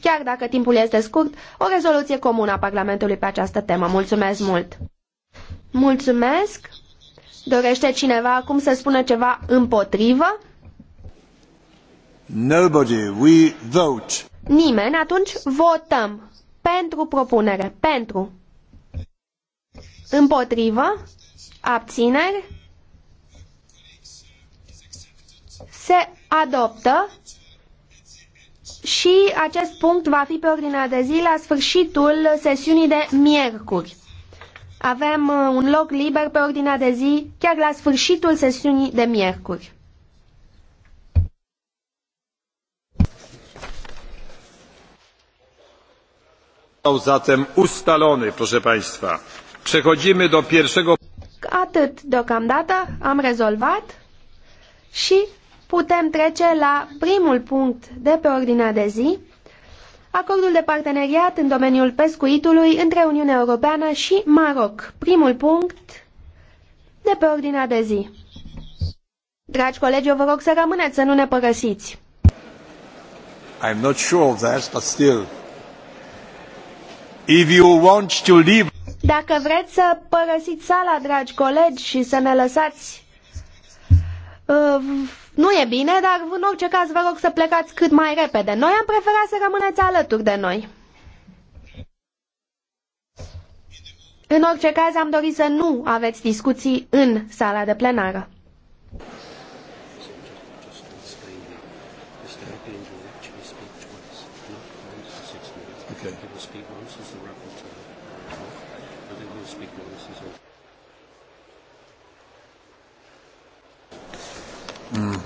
chiar dacă timpul este scurt, o rezoluție comună a Parlamentului pe această temă. Mulțumesc mult! Mulțumesc! Dorește cineva acum să spună ceva împotrivă? Nobody. We vote. Nimeni. Atunci votăm. Pentru propunere. Pentru. Împotrivă. Abțineri. Se adoptă și acest punct va fi pe ordinea de zi la sfârșitul sesiunii de miercuri. Avem uh, un loc liber pe ordinea de zi chiar la sfârșitul sesiunii de miercuri. zatem ustalony, proszę Państwa. Przechodzimy do pierwszego... Atât deocamdată am rezolvat și putem trece la primul punct de pe ordinea de zi, acordul de parteneriat în domeniul pescuitului între Uniunea Europeană și Maroc. Primul punct de pe ordinea de zi. Dragi colegi, eu vă rog să rămâneți, să nu ne părăsiți. I'm not sure of that, but still. If you want to leave... Dacă vreți să părăsiți sala, dragi colegi, și să ne lăsați uh, nu e bine, dar în orice caz vă rog să plecați cât mai repede. Noi am preferat să rămâneți alături de noi. În orice caz am dorit să nu aveți discuții în sala de plenară. Mm.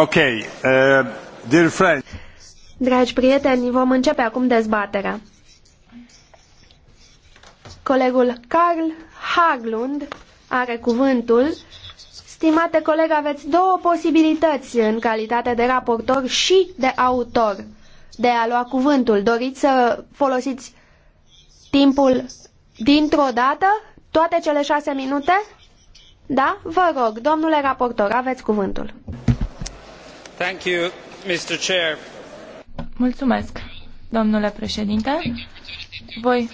Uh, Dragi prieteni, vom începe acum dezbaterea. Colegul Carl Haglund are cuvântul. Stimate coleg, aveți două posibilități în calitate de raportor și de autor de a lua cuvântul. Doriți să folosiți timpul dintr-o dată? Toate cele șase minute? Da? Vă rog, domnule raportor, aveți cuvântul. Mulțumesc, domnule președinte. Voi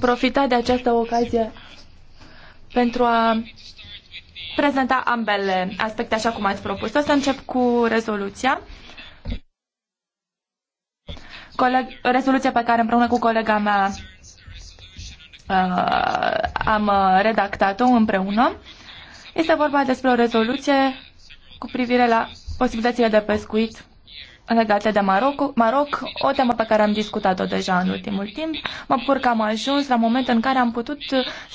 profita de această ocazie pentru a prezenta ambele aspecte așa cum ați propus. O să încep cu rezoluția. Coleg, rezoluția pe care împreună cu colega mea uh, am redactat-o împreună. Este vorba despre o rezoluție cu privire la posibilitățile de pescuit legate de Maroc, Maroc, o temă pe care am discutat-o deja în ultimul timp. Mă bucur că am ajuns la momentul în care am putut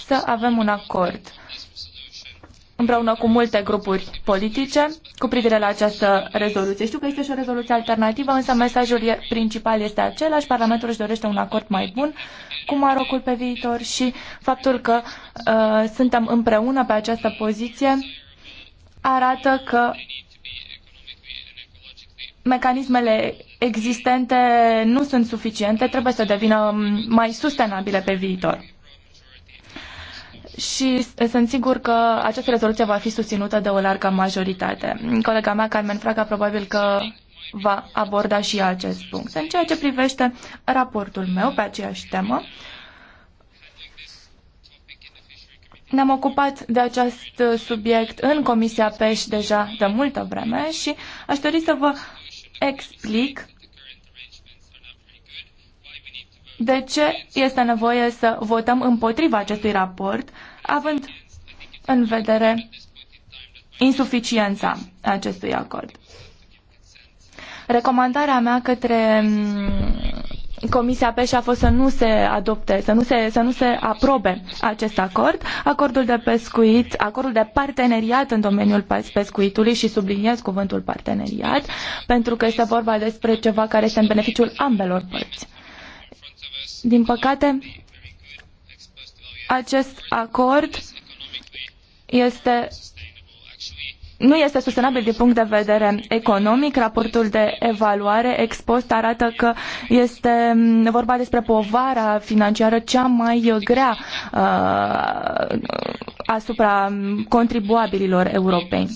să avem un acord împreună cu multe grupuri politice cu privire la această rezoluție. Știu că este și o rezoluție alternativă, însă mesajul principal este același. Parlamentul își dorește un acord mai bun cu Marocul pe viitor și faptul că uh, suntem împreună pe această poziție arată că mecanismele existente nu sunt suficiente, trebuie să devină mai sustenabile pe viitor. Și sunt sigur că această rezoluție va fi susținută de o largă majoritate. Colega mea, Carmen Fraga, probabil că va aborda și acest punct. În ceea ce privește raportul meu pe aceeași temă, ne-am ocupat de acest subiect în Comisia PEș deja de multă vreme și aș dori să vă explic de ce este nevoie să votăm împotriva acestui raport, având în vedere insuficiența acestui acord. Recomandarea mea către mm, Comisia PEș a fost să nu se adopte, să nu se, să nu se aprobe acest acord. Acordul de pescuit, acordul de parteneriat în domeniul pescuitului și subliniez cuvântul parteneriat, pentru că este vorba despre ceva care este în beneficiul ambelor părți. Din păcate, acest acord este nu este sustenabil din punct de vedere economic. Raportul de evaluare post arată că este mm, vorba despre povara financiară cea mai grea uh, asupra contribuabililor europeni.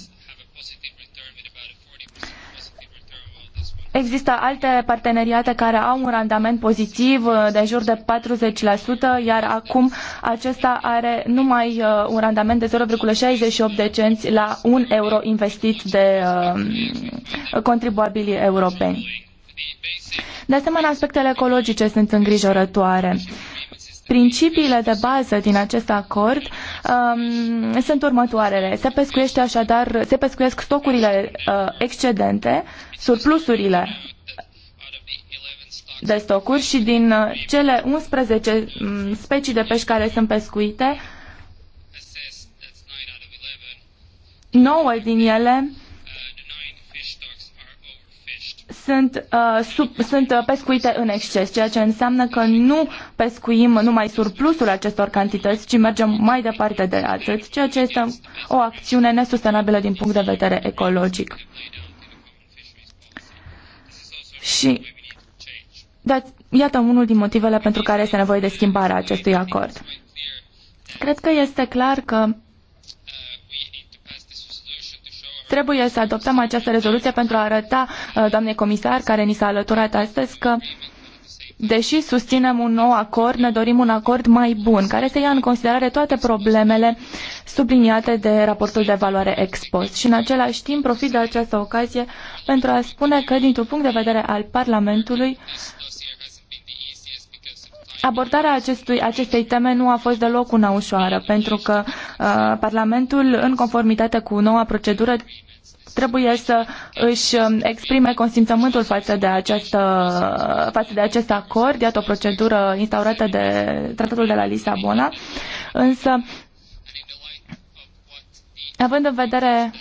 Există alte parteneriate care au un randament pozitiv uh, de jur de 40%, iar acum acesta are numai uh, un randament de 0,68 de cenți la un euro investit de um, contribuabilii europeni. De asemenea, aspectele ecologice sunt îngrijorătoare. Principiile de bază din acest acord um, sunt următoarele. Se pescuiește așadar, se pescuiesc stocurile uh, excedente surplusurile de stocuri și din uh, cele 11 mm, specii de pești care sunt pescuite, 9 din ele sunt, uh, sub, sunt uh, pescuite în exces, ceea ce înseamnă că nu pescuim numai surplusul acestor cantități, ci mergem mai departe de atât, ceea ce este o acțiune nesustenabilă din punct de vedere ecologic. Și da, iată unul din motivele pentru care este nevoie de schimbarea acestui acord. Cred că este clar că trebuie să adoptăm această rezoluție pentru a arăta, uh, doamnei comisar, care ni s-a alăturat astăzi, că deși susținem un nou acord, ne dorim un acord mai bun, care să ia în considerare toate problemele subliniate de raportul de valoare ex post. Și în același timp profit de această ocazie pentru a spune că, dintr-un punct de vedere al Parlamentului, Abordarea acestui, acestei teme nu a fost deloc una ușoară, pentru că uh, Parlamentul, în conformitate cu noua procedură, trebuie să își um, exprime consimțământul față de, această, față de acest acord, iată o procedură instaurată de Tratatul de la Lisabona, însă Având în vedere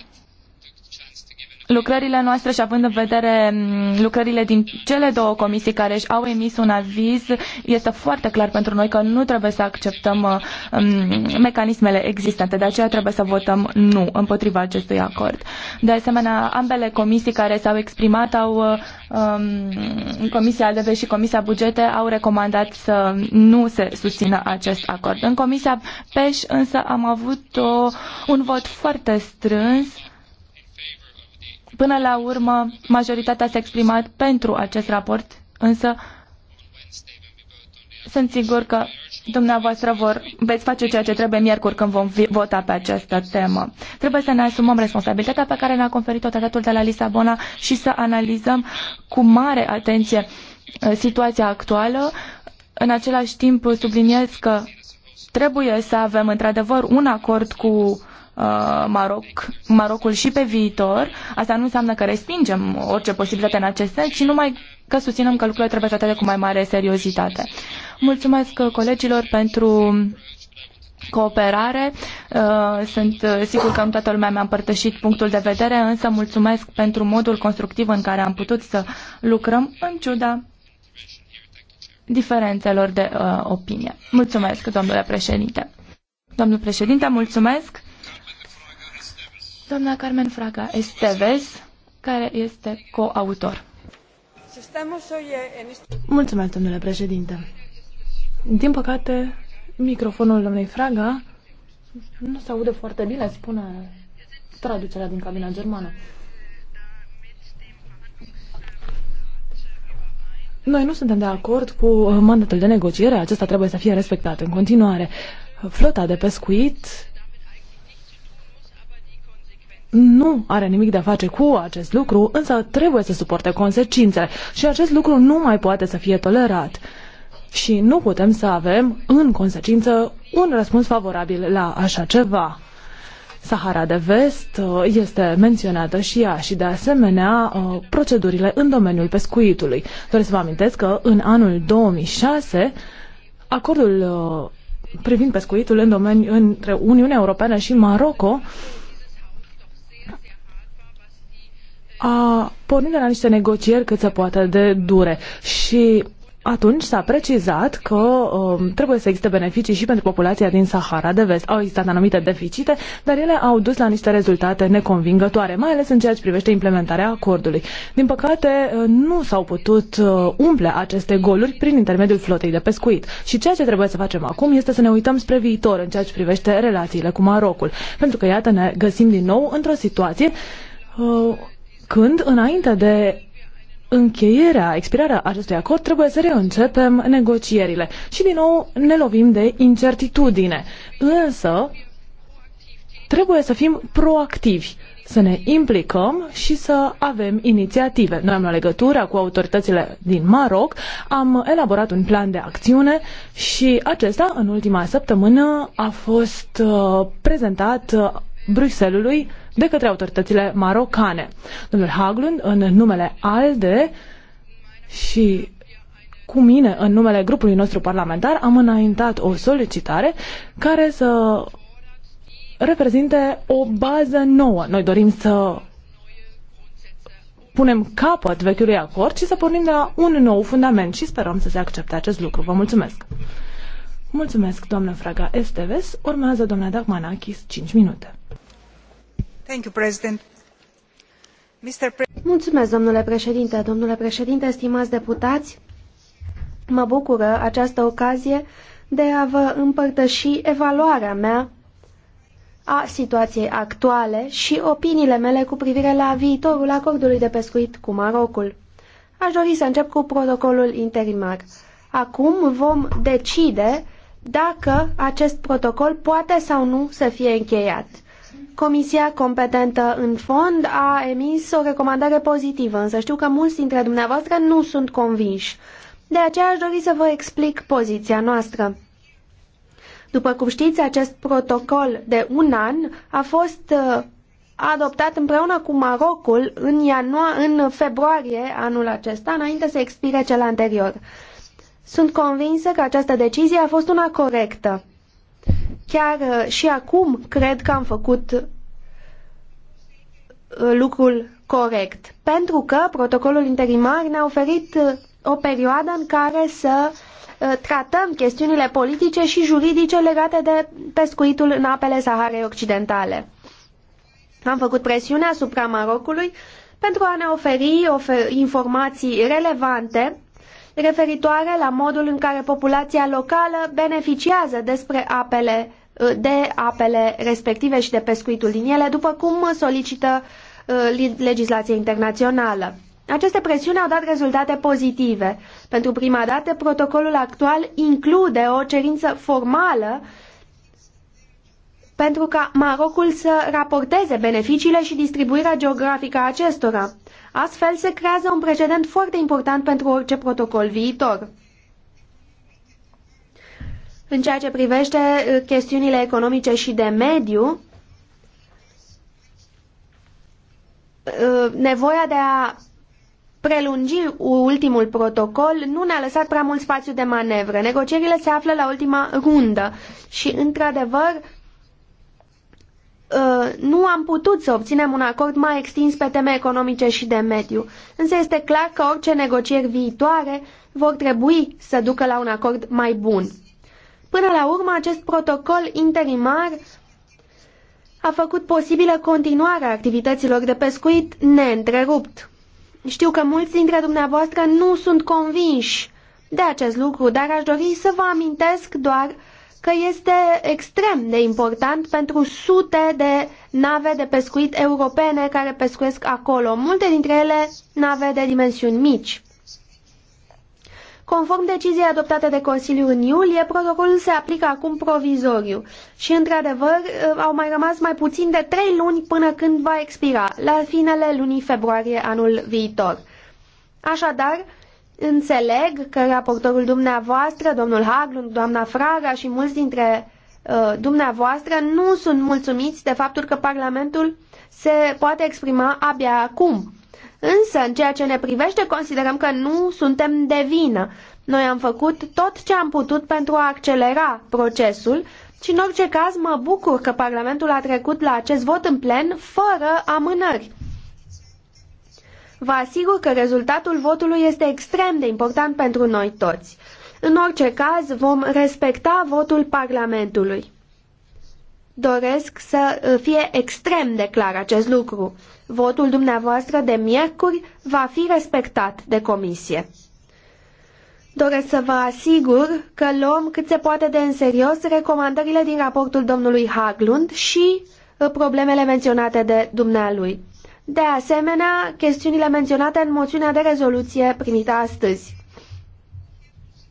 lucrările noastre și având în vedere mm, lucrările din cele două comisii care își au emis un aviz, este foarte clar pentru noi că nu trebuie să acceptăm uh, mm, mecanismele existente. De aceea trebuie să votăm nu împotriva acestui acord. De asemenea, ambele comisii care s-au exprimat au uh, um, Comisia ADV și Comisia Bugete au recomandat să nu se susțină acest acord. În Comisia PEș însă am avut o, un vot foarte strâns Până la urmă, majoritatea s-a exprimat pentru acest raport, însă sunt sigur că dumneavoastră vor, veți face ceea ce trebuie miercuri când vom vota pe această temă. Trebuie să ne asumăm responsabilitatea pe care ne-a conferit-o tratatul de la Lisabona și să analizăm cu mare atenție uh, situația actuală. În același timp subliniez că trebuie să avem într-adevăr un acord cu Uh, Maroc, Marocul și pe viitor. Asta nu înseamnă că respingem orice posibilitate în acest sens, ci numai că susținem că lucrurile trebuie tratate cu mai mare seriozitate. Mulțumesc colegilor pentru cooperare. Uh, sunt uh, sigur că nu toată lumea mi-a împărtășit punctul de vedere, însă mulțumesc pentru modul constructiv în care am putut să lucrăm în ciuda diferențelor de uh, opinie. Mulțumesc, domnule președinte. Domnul președinte, mulțumesc doamna Carmen Fraga Esteves, care este coautor. Mulțumesc, domnule președinte. Din păcate, microfonul doamnei Fraga nu se aude foarte bine, spune traducerea din cabina germană. Noi nu suntem de acord cu mandatul de negociere, acesta trebuie să fie respectat în continuare. Flota de pescuit nu are nimic de a face cu acest lucru, însă trebuie să suporte consecințele și acest lucru nu mai poate să fie tolerat. Și nu putem să avem, în consecință, un răspuns favorabil la așa ceva. Sahara de Vest uh, este menționată și ea și de asemenea uh, procedurile în domeniul pescuitului. Doresc să vă amintesc că în anul 2006 acordul uh, privind pescuitul în domeniul între Uniunea Europeană și Maroco uh, a pornit de la niște negocieri cât se poate de dure și atunci s-a precizat că um, trebuie să existe beneficii și pentru populația din Sahara de Vest. Au existat anumite deficite, dar ele au dus la niște rezultate neconvingătoare, mai ales în ceea ce privește implementarea acordului. Din păcate, uh, nu s-au putut uh, umple aceste goluri prin intermediul flotei de pescuit. Și ceea ce trebuie să facem acum este să ne uităm spre viitor în ceea ce privește relațiile cu Marocul. Pentru că, iată, ne găsim din nou într-o situație uh, când, înainte de încheierea, expirarea acestui acord, trebuie să reîncepem negocierile. Și din nou ne lovim de incertitudine. Însă, trebuie să fim proactivi, să ne implicăm și să avem inițiative. Noi am la legătura cu autoritățile din Maroc, am elaborat un plan de acțiune și acesta, în ultima săptămână, a fost uh, prezentat uh, Bruxellesului de către autoritățile marocane. Domnul Haglund, în numele ALDE și cu mine, în numele grupului nostru parlamentar, am înaintat o solicitare care să reprezinte o bază nouă. Noi dorim să punem capăt vechiului acord și să pornim de la un nou fundament și sperăm să se accepte acest lucru. Vă mulțumesc! Mulțumesc, doamnă Fraga Esteves. Urmează doamna Dagmanakis 5 minute. Mulțumesc, domnule președinte, domnule președinte, stimați deputați. Mă bucură această ocazie de a vă împărtăși evaluarea mea a situației actuale și opiniile mele cu privire la viitorul acordului de pescuit cu Marocul. Aș dori să încep cu protocolul interimar. Acum vom decide dacă acest protocol poate sau nu să fie încheiat. Comisia competentă în fond a emis o recomandare pozitivă, însă știu că mulți dintre dumneavoastră nu sunt convinși. De aceea aș dori să vă explic poziția noastră. După cum știți, acest protocol de un an a fost uh, adoptat împreună cu Marocul în, ianua- în februarie anul acesta, înainte să expire cel anterior. Sunt convinsă că această decizie a fost una corectă. Chiar uh, și acum cred că am făcut uh, lucrul corect, pentru că protocolul interimar ne-a oferit uh, o perioadă în care să tratăm chestiunile politice și juridice legate de pescuitul în apele Saharei Occidentale. Am făcut presiune asupra Marocului pentru a ne oferi informații relevante referitoare la modul în care populația locală beneficiază despre apele, de apele respective și de pescuitul din ele, după cum solicită uh, legislația internațională. Aceste presiuni au dat rezultate pozitive. Pentru prima dată, protocolul actual include o cerință formală pentru ca Marocul să raporteze beneficiile și distribuirea geografică a acestora. Astfel se creează un precedent foarte important pentru orice protocol viitor. În ceea ce privește uh, chestiunile economice și de mediu, uh, nevoia de a prelungi ultimul protocol nu ne-a lăsat prea mult spațiu de manevră. Negocierile se află la ultima rundă și, într-adevăr, Uh, nu am putut să obținem un acord mai extins pe teme economice și de mediu, însă este clar că orice negocieri viitoare vor trebui să ducă la un acord mai bun. Până la urmă, acest protocol interimar a făcut posibilă continuarea activităților de pescuit neîntrerupt. Știu că mulți dintre dumneavoastră nu sunt convinși de acest lucru, dar aș dori să vă amintesc doar uh, că este extrem de important pentru sute de nave de pescuit europene care pescuiesc acolo, multe dintre ele nave de dimensiuni mici. Conform deciziei adoptate de Consiliu în iulie, protocolul se aplică acum provizoriu și, într-adevăr, au mai rămas mai puțin de trei luni până când va expira, la finele lunii februarie anul viitor. Așadar, Înțeleg că raportorul dumneavoastră, domnul Haglund, doamna Fraga și mulți dintre uh, dumneavoastră nu sunt mulțumiți de faptul că Parlamentul se poate exprima abia acum. Însă, în ceea ce ne privește, considerăm că nu suntem de vină. Noi am făcut tot ce am putut pentru a accelera procesul și, în orice caz, mă bucur că Parlamentul a trecut la acest vot în plen fără amânări. Vă asigur că rezultatul votului este extrem de important pentru noi toți. În orice caz, vom respecta votul Parlamentului. Doresc să uh, fie extrem de clar acest lucru. Votul dumneavoastră de miercuri va fi respectat de comisie. Doresc să vă asigur că luăm cât se poate de în serios recomandările din raportul domnului Haglund și uh, problemele menționate de dumnealui. De asemenea, chestiunile menționate în moțiunea de rezoluție primită astăzi.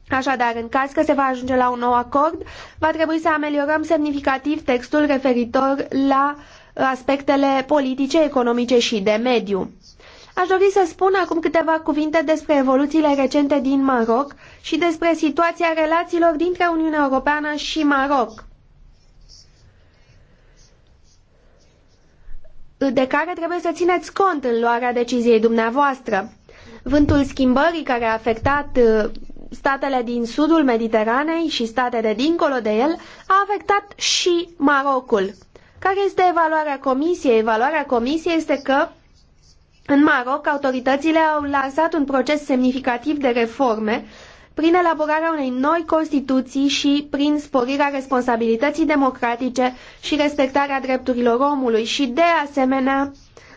Așadar, în caz că se va ajunge la un nou acord, va trebui să ameliorăm semnificativ textul referitor la aspectele politice, economice și de mediu. Aș dori să spun acum câteva cuvinte despre evoluțiile recente din Maroc și despre situația relațiilor dintre Uniunea Europeană și Maroc. de care trebuie să țineți cont în luarea deciziei dumneavoastră. Vântul schimbării care a afectat uh, statele din sudul Mediteranei și statele dincolo de el a afectat și Marocul. Care este evaluarea comisiei? Evaluarea comisiei este că în Maroc autoritățile au lansat un proces semnificativ de reforme prin elaborarea unei noi Constituții și prin sporirea responsabilității democratice și respectarea drepturilor omului și, de asemenea,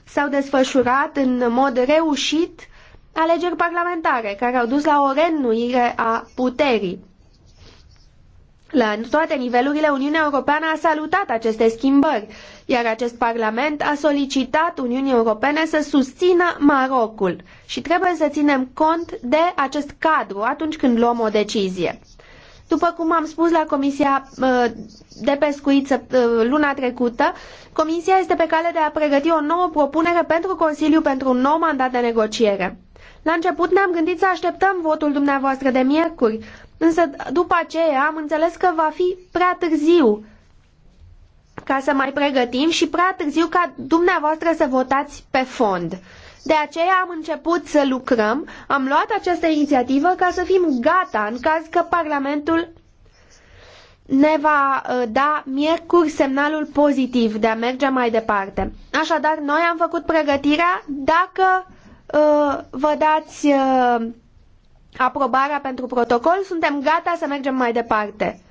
s-au desfășurat în mod reușit alegeri parlamentare care au dus la o reînnoire a puterii. La toate nivelurile, Uniunea Europeană a salutat aceste schimbări, iar acest Parlament a solicitat Uniunii Europene să susțină Marocul și trebuie să ținem cont de acest cadru atunci când luăm o decizie. După cum am spus la Comisia uh, de Pescuit uh, luna trecută, Comisia este pe cale de a pregăti o nouă propunere pentru Consiliu pentru un nou mandat de negociere. La început ne-am gândit să așteptăm votul dumneavoastră de miercuri, Însă după aceea am înțeles că va fi prea târziu ca să mai pregătim și prea târziu ca dumneavoastră să votați pe fond. De aceea am început să lucrăm, am luat această inițiativă ca să fim gata în caz că Parlamentul ne va uh, da miercuri semnalul pozitiv de a merge mai departe. Așadar, noi am făcut pregătirea dacă uh, vă dați uh, aprobarea pentru protocol, suntem gata să mergem mai departe.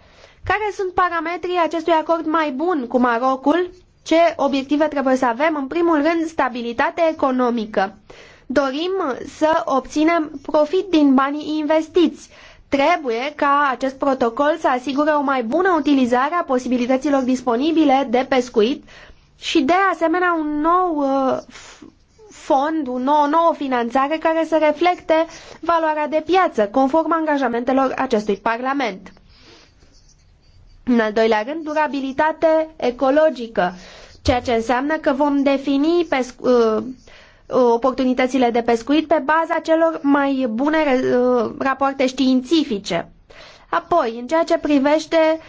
Care sunt parametrii acestui acord mai bun cu Marocul? Ce obiective trebuie să avem? În primul rând, stabilitate economică. Dorim să obținem profit din banii investiți. Trebuie ca acest protocol să asigure o mai bună utilizare a posibilităților disponibile de pescuit și, de asemenea, un nou uh, fond, o nouă, nouă finanțare care să reflecte valoarea de piață, conform angajamentelor acestui Parlament. În al doilea rând, durabilitate ecologică, ceea ce înseamnă că vom defini pescu- uh, uh, oportunitățile de pescuit pe baza celor mai bune uh, rapoarte științifice. Apoi, în ceea ce privește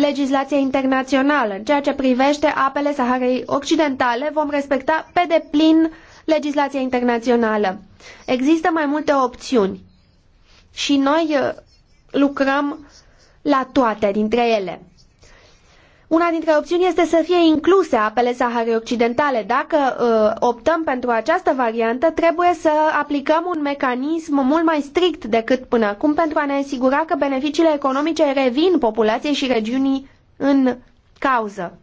legislația internațională, în ceea ce privește apele Saharei Occidentale, vom respecta pe deplin legislația internațională. Există mai multe opțiuni și noi uh, lucrăm la toate dintre ele. Una dintre opțiuni este să fie incluse apele Saharei Occidentale. Dacă uh, optăm pentru această variantă, trebuie să aplicăm un mecanism mult mai strict decât până acum pentru a ne asigura că beneficiile economice revin populației și regiunii în cauză.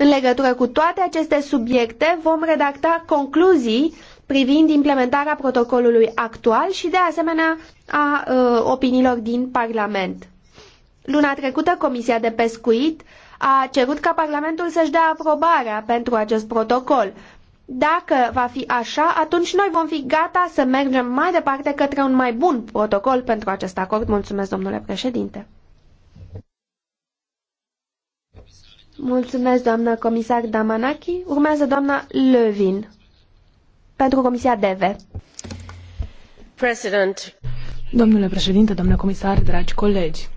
În legătură cu toate aceste subiecte vom redacta concluzii privind implementarea protocolului actual și de asemenea a uh, opiniilor din Parlament. Luna trecută, Comisia de Pescuit a cerut ca Parlamentul să-și dea aprobarea pentru acest protocol. Dacă va fi așa, atunci noi vom fi gata să mergem mai departe către un mai bun protocol pentru acest acord. Mulțumesc, domnule președinte. Mulțumesc, doamnă comisar Damanaki. Urmează doamna Lövin pentru Comisia DEVE. President. Domnule președinte, domnule comisar, dragi colegi,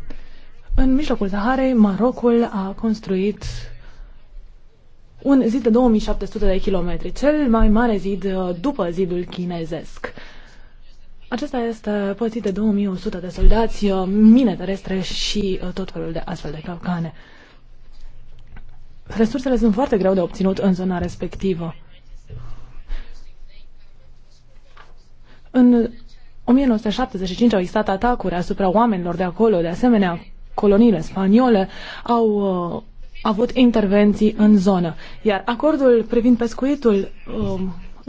în mijlocul Zaharei, Marocul a construit un zid de 2700 de kilometri, cel mai mare zid uh, după zidul chinezesc. Acesta este pățit de 2100 de soldați, uh, mine terestre și uh, tot felul de astfel de capcane resursele sunt foarte greu de obținut în zona respectivă. În 1975 au existat atacuri asupra oamenilor de acolo, de asemenea, coloniile spaniole au uh, avut intervenții în zonă, iar acordul privind pescuitul Uh,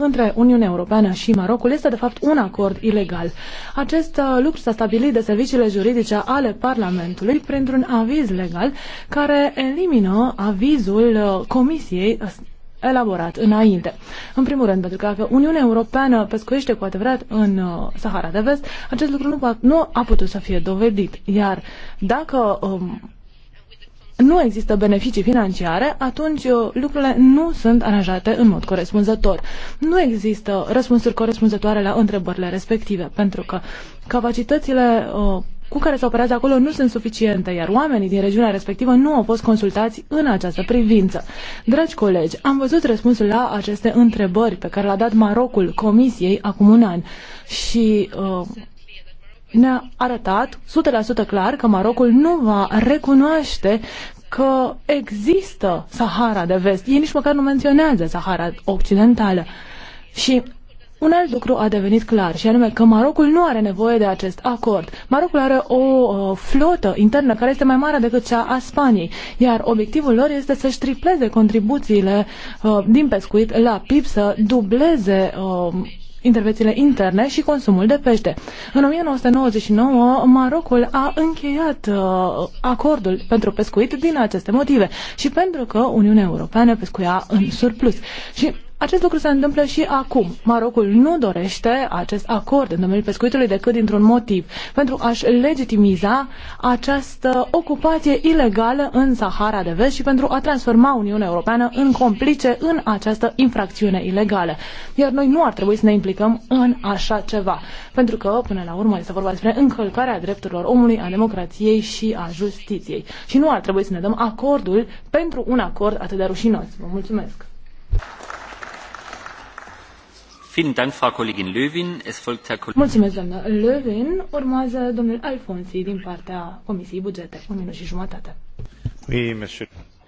între Uniunea Europeană și Marocul este de fapt un acord ilegal. Acest uh, lucru s-a stabilit de serviciile juridice ale Parlamentului printr-un aviz legal care elimină avizul uh, Comisiei uh, elaborat înainte. În primul rând, pentru că dacă Uniunea Europeană pescuiește cu adevărat în Sahara de Vest, acest lucru nu, nu a putut să fie dovedit. Iar dacă um, nu există beneficii financiare, atunci uh, lucrurile nu sunt aranjate în mod corespunzător. Nu există răspunsuri corespunzătoare la întrebările respective, pentru că capacitățile uh, cu care se operează acolo nu sunt suficiente, iar oamenii din regiunea respectivă nu au fost consultați în această privință. Dragi colegi, am văzut răspunsul la aceste întrebări pe care le-a dat Marocul Comisiei acum un an și uh, ne-a arătat 100% clar că Marocul nu va recunoaște că există Sahara de vest. Ei nici măcar nu menționează Sahara occidentală. Și un alt lucru a devenit clar și anume că Marocul nu are nevoie de acest acord. Marocul are o uh, flotă internă care este mai mare decât cea a Spaniei, iar obiectivul lor este să-și tripleze contribuțiile uh, din pescuit la PIB, să dubleze uh, intervențiile interne și consumul de pește. În 1999, Marocul a încheiat uh, acordul pentru pescuit din aceste motive și pentru că Uniunea Europeană pescuia în surplus. Și acest lucru se întâmplă și acum. Marocul nu dorește acest acord în domeniul pescuitului decât dintr-un motiv, pentru a-și legitimiza această ocupație ilegală în Sahara de Vest și pentru a transforma Uniunea Europeană în complice în această infracțiune ilegală. Iar noi nu ar trebui să ne implicăm în așa ceva, pentru că, până la urmă, este vorba despre încălcarea drepturilor omului, a democrației și a justiției. Și nu ar trebui să ne dăm acordul pentru un acord atât de rușinos. Vă mulțumesc! Mulțumesc, doamnă Lövin. Urmează domnul Alfonsi din partea Comisiei Bugete. Un minut și jumătate.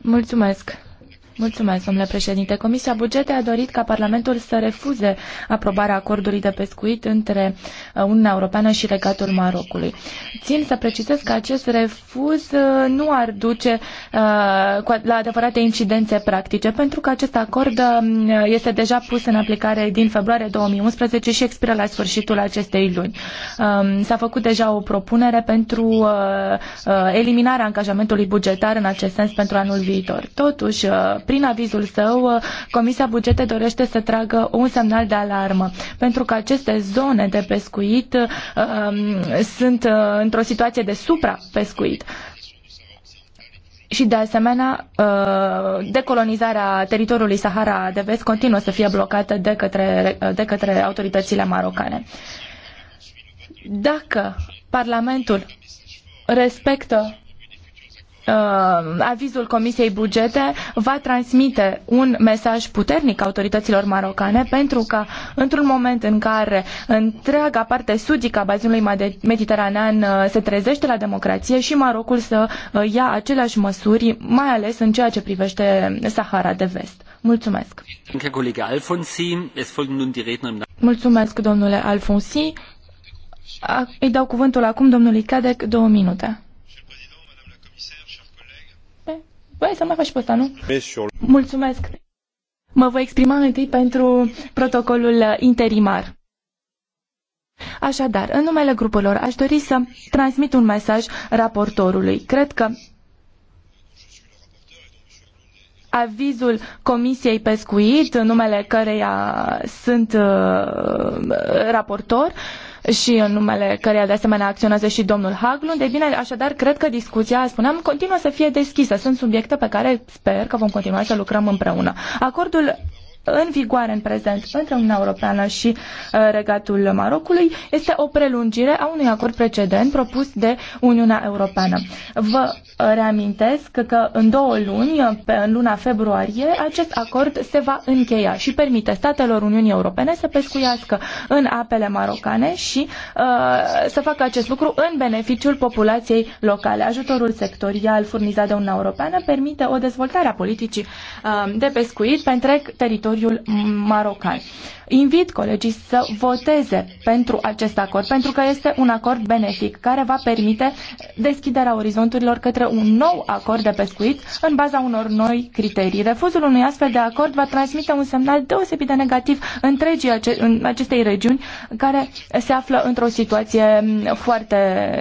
Mulțumesc. Mulțumesc, domnule președinte. Comisia Bugete a dorit ca Parlamentul să refuze aprobarea acordului de pescuit între uh, Uniunea Europeană și Regatul Marocului. Țin să precizez că acest refuz uh, nu ar duce uh, la adevărate incidențe practice, pentru că acest acord um, este deja pus în aplicare din februarie 2011 și expiră la sfârșitul acestei luni. Um, s-a făcut deja o propunere pentru eliminarea angajamentului bugetar în acest sens pentru anul viitor. Totuși, prin avizul său, uh, Comisia Bugete dorește să tragă un semnal de alarmă, pentru că aceste zone de pescuit uh, um, sunt uh, într-o situație de suprapescuit. Și de asemenea, uh, decolonizarea teritoriului Sahara de Vest continuă să fie blocată de către, uh, de către autoritățile marocane. Dacă Parlamentul respectă Uh, avizul Comisiei Bugete va transmite un mesaj puternic autorităților marocane pentru că într-un moment în care întreaga parte sudică a bazinului mediteranean uh, se trezește la democrație și Marocul să uh, ia aceleași măsuri, mai ales în ceea ce privește Sahara de Vest. Mulțumesc! Mulțumesc, domnule Alfonsi. Îi dau cuvântul acum domnului Cadec, două minute. Băi, să mai faci pe asta, nu? Mulțumesc. Mă voi exprima întâi pentru protocolul interimar. Așadar, în numele grupurilor aș dori să transmit un mesaj raportorului. Cred că avizul Comisiei Pescuit, în numele căreia sunt uh, raportor, uh, și în numele căreia de asemenea acționează și domnul Haglund. Ei bine, așadar, cred că discuția, spuneam, continuă să fie deschisă. Sunt subiecte pe care sper că vom continua să lucrăm împreună. Acordul în vigoare în prezent între Uniunea Europeană și uh, Regatul Marocului este o prelungire a unui acord precedent propus de Uniunea Europeană. Vă uh, reamintesc că în două luni, uh, pe, în luna februarie, acest acord se va încheia și permite statelor Uniunii Europene să pescuiască în apele marocane și uh, să facă acest lucru în beneficiul populației locale. Ajutorul sectorial furnizat de Uniunea Europeană permite o dezvoltare a politicii uh, de pescuit pe întreg teritoriul teritoriul marocan. Invit colegii să voteze pentru acest acord, pentru că este un acord benefic care va permite deschiderea orizonturilor către un nou acord de pescuit în baza unor noi criterii. Refuzul unui astfel de acord va transmite un semnal deosebit de negativ întregii ace- în acestei regiuni care se află într-o situație foarte,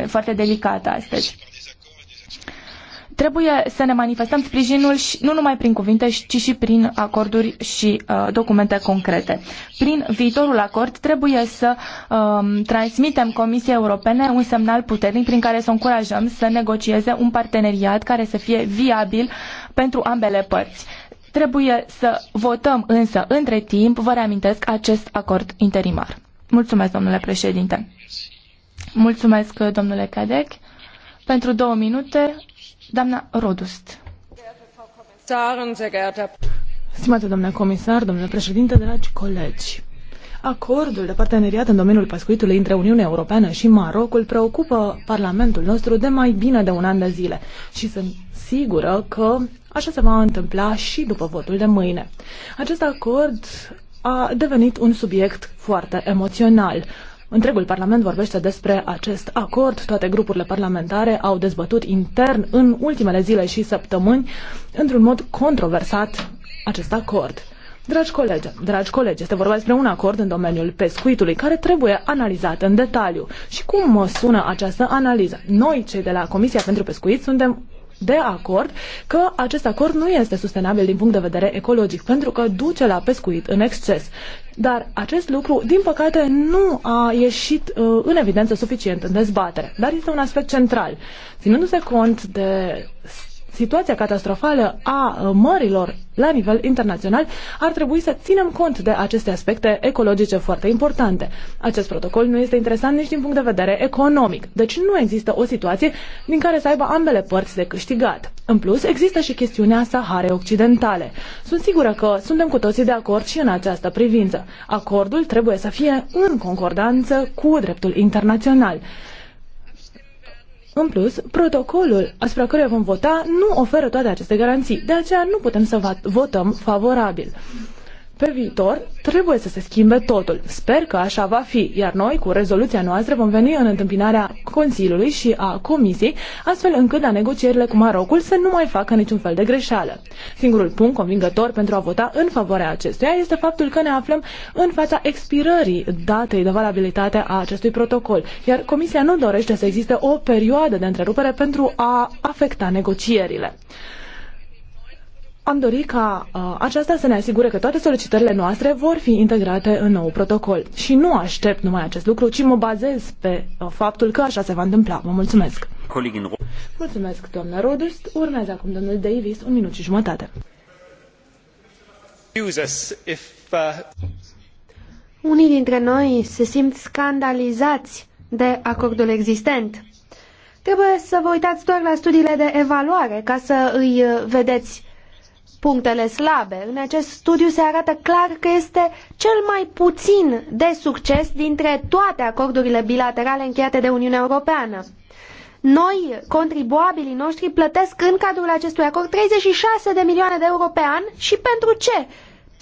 foarte delicată astăzi. Trebuie să ne manifestăm sprijinul și, nu numai prin cuvinte, ci și prin acorduri și uh, documente concrete. Prin viitorul acord trebuie să um, transmitem Comisiei Europene un semnal puternic prin care să o încurajăm să negocieze un parteneriat care să fie viabil pentru ambele părți. Trebuie să votăm însă, între timp, vă reamintesc acest acord interimar. Mulțumesc, domnule președinte. Mulțumesc, domnule Cadec. Pentru două minute, Doamna Rodust. Stimate domnule comisar, domnule președinte, dragi colegi, Acordul de parteneriat în domeniul pescuitului între Uniunea Europeană și Marocul preocupă Parlamentul nostru de mai bine de un an de zile și sunt sigură că așa se va întâmpla și după votul de mâine. Acest acord a devenit un subiect foarte emoțional. Întregul Parlament vorbește despre acest acord. Toate grupurile parlamentare au dezbătut intern în ultimele zile și săptămâni, într-un mod controversat, acest acord. Dragi colegi, dragi colegi, este vorba despre un acord în domeniul pescuitului care trebuie analizat în detaliu. Și cum sună această analiză? Noi, cei de la Comisia pentru Pescuit, suntem de acord că acest acord nu este sustenabil din punct de vedere ecologic, pentru că duce la pescuit în exces. Dar acest lucru, din păcate, nu a ieșit uh, în evidență suficient în dezbatere. Dar este un aspect central. Ținându-se cont de situația catastrofală a uh, mărilor la nivel internațional, ar trebui să ținem cont de aceste aspecte ecologice foarte importante. Acest protocol nu este interesant nici din punct de vedere economic, deci nu există o situație din care să aibă ambele părți de câștigat. În plus, există și chestiunea Sahare Occidentale. Sunt sigură că suntem cu toții de acord și în această privință. Acordul trebuie să fie în concordanță cu dreptul internațional. În plus, protocolul asupra căruia vom vota nu oferă toate aceste garanții, de aceea nu putem să votăm favorabil. Pe viitor trebuie să se schimbe totul. Sper că așa va fi, iar noi, cu rezoluția noastră, vom veni în întâmpinarea Consiliului și a Comisiei, astfel încât la negocierile cu Marocul să nu mai facă niciun fel de greșeală. Singurul punct convingător pentru a vota în favoarea acestuia este faptul că ne aflăm în fața expirării datei de valabilitate a acestui protocol, iar Comisia nu dorește să existe o perioadă de întrerupere pentru a afecta negocierile. Am dorit ca uh, aceasta să ne asigure că toate solicitările noastre vor fi integrate în nou protocol. Și nu aștept numai acest lucru, ci mă bazez pe uh, faptul că așa se va întâmpla. Vă mulțumesc! Colegin... Mulțumesc, doamna Rodust. Urmează acum domnul Davis, un minut și jumătate. Uh, Unii dintre noi se simt scandalizați de acordul existent. Trebuie să vă uitați doar la studiile de evaluare ca să îi uh, vedeți punctele slabe. În acest studiu se arată clar că este cel mai puțin de succes dintre toate acordurile bilaterale încheiate de Uniunea Europeană. Noi, contribuabilii noștri, plătesc în cadrul acestui acord 36 de milioane de euro pe an și pentru ce?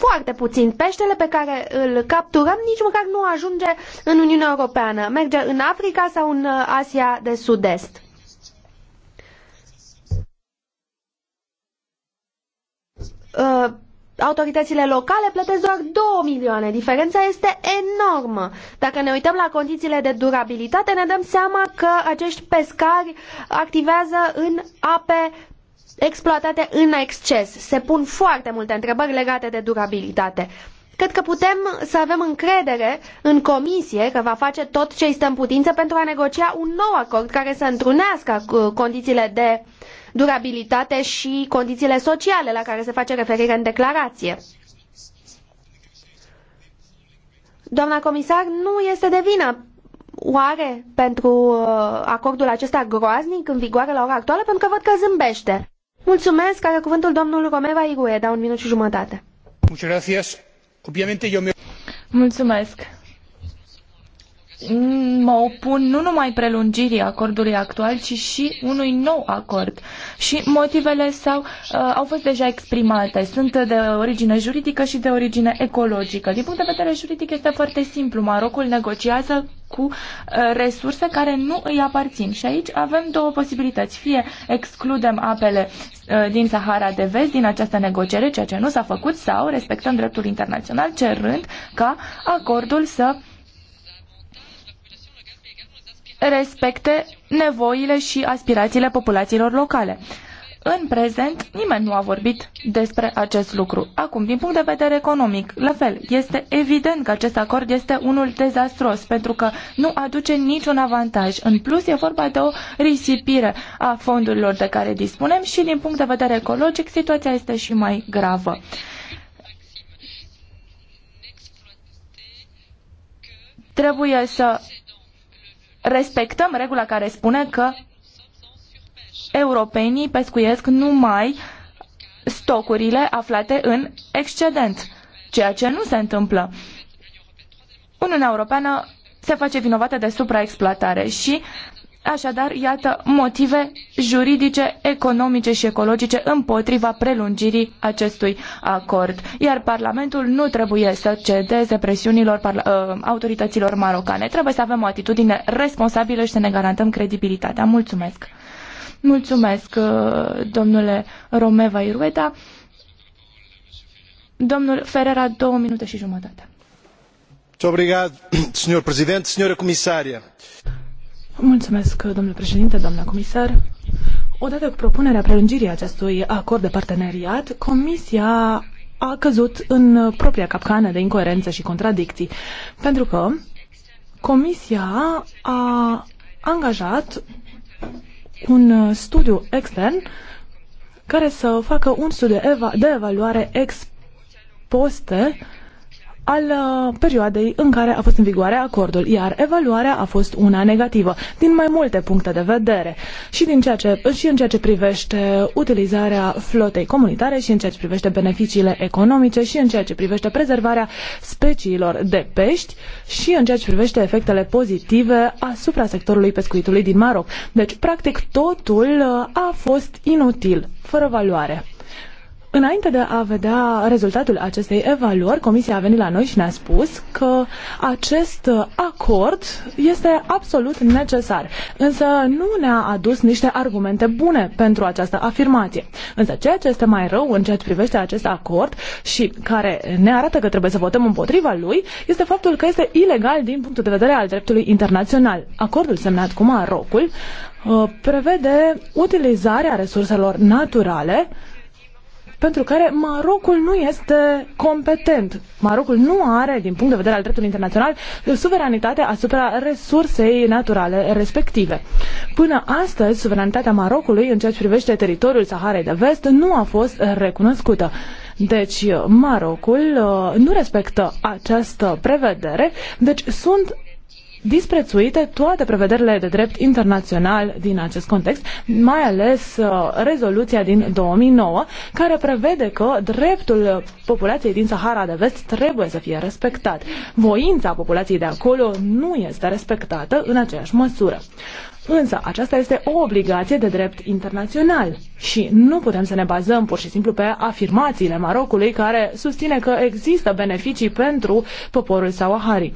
Foarte puțin. Peștele pe care îl capturăm nici măcar nu ajunge în Uniunea Europeană. Merge în Africa sau în uh, Asia de Sud-Est. Uh, autoritățile locale plătesc doar 2 milioane. Diferența este enormă. Dacă ne uităm la condițiile de durabilitate, ne dăm seama că acești pescari activează în ape exploatate în exces. Se pun foarte multe întrebări legate de durabilitate. Cred că putem să avem încredere în comisie că va face tot ce este în putință pentru a negocia un nou acord care să întrunească uh, condițiile de durabilitate și condițiile sociale la care se face referire în declarație. Doamna comisar, nu este de vină oare pentru uh, acordul acesta groaznic în vigoare la ora actuală? Pentru că văd că zâmbește. Mulțumesc, are cuvântul domnul Romeva Irueda, un minut și jumătate. Mulțumesc mă opun nu numai prelungirii acordului actual, ci și unui nou acord. Și motivele sau uh, au fost deja exprimate. Sunt de origine juridică și de origine ecologică. Din punct de vedere juridic este foarte simplu. Marocul negociază cu uh, resurse care nu îi aparțin. Și aici avem două posibilități. Fie excludem apele uh, din Sahara de Vest din această negociere, ceea ce nu s-a făcut, sau respectăm dreptul internațional cerând ca acordul să uh, respecte nevoile și aspirațiile populațiilor locale. În prezent, nimeni nu a vorbit despre acest lucru. Acum, din punct de vedere economic, la fel, este evident că acest acord este unul dezastros, pentru că nu aduce niciun avantaj. În plus, e vorba de o risipire a fondurilor de care dispunem și, din punct de vedere ecologic, situația este și mai gravă. Trebuie să respectăm regula care spune că europenii pescuiesc numai stocurile aflate în excedent, ceea ce nu se întâmplă. Uniunea Europeană se face vinovată de supraexploatare și Așadar, iată motive juridice, economice și ecologice împotriva prelungirii acestui acord. Iar Parlamentul nu trebuie să cedeze presiunilor ă, autorităților marocane. Trebuie să avem o atitudine responsabilă și să ne garantăm credibilitatea. Mulțumesc! Mulțumesc, ă, domnule Romeva Irueta. Domnul Ferrera, două minute și jumătate. Obrigado, domnule presidente, senhora comissária. Mulțumesc, domnule președinte, doamna comisar. Odată cu propunerea prelungirii acestui acord de parteneriat, Comisia a căzut în propria capcană de incoerență și contradicții, pentru că Comisia a angajat un studiu extern care să facă un studiu de evaluare ex poste al uh, perioadei în care a fost în vigoare acordul, iar evaluarea a fost una negativă din mai multe puncte de vedere și, din ceea ce, și în ceea ce privește utilizarea flotei comunitare și în ceea ce privește beneficiile economice și în ceea ce privește prezervarea speciilor de pești și în ceea ce privește efectele pozitive asupra sectorului pescuitului din Maroc. Deci, practic, totul uh, a fost inutil, fără valoare. Înainte de a vedea rezultatul acestei evaluări, Comisia a venit la noi și ne-a spus că acest acord este absolut necesar, însă nu ne-a adus niște argumente bune pentru această afirmație. Însă ceea ce este mai rău în ceea ce privește acest acord și care ne arată că trebuie să votăm împotriva lui, este faptul că este ilegal din punctul de vedere al dreptului internațional. Acordul semnat cu Marocul uh, prevede utilizarea resurselor naturale pentru care Marocul nu este competent. Marocul nu are, din punct de vedere al dreptului internațional, suveranitate asupra resursei naturale respective. Până astăzi, suveranitatea Marocului în ceea ce privește teritoriul Saharei de Vest nu a fost recunoscută. Deci Marocul uh, nu respectă această prevedere, deci sunt disprețuite toate prevederile de drept internațional din acest context, mai ales uh, rezoluția din 2009, care prevede că dreptul populației din Sahara de Vest trebuie să fie respectat. Voința populației de acolo nu este respectată în aceeași măsură. Însă, aceasta este o obligație de drept internațional și nu putem să ne bazăm pur și simplu pe afirmațiile Marocului care susține că există beneficii pentru poporul Sahari.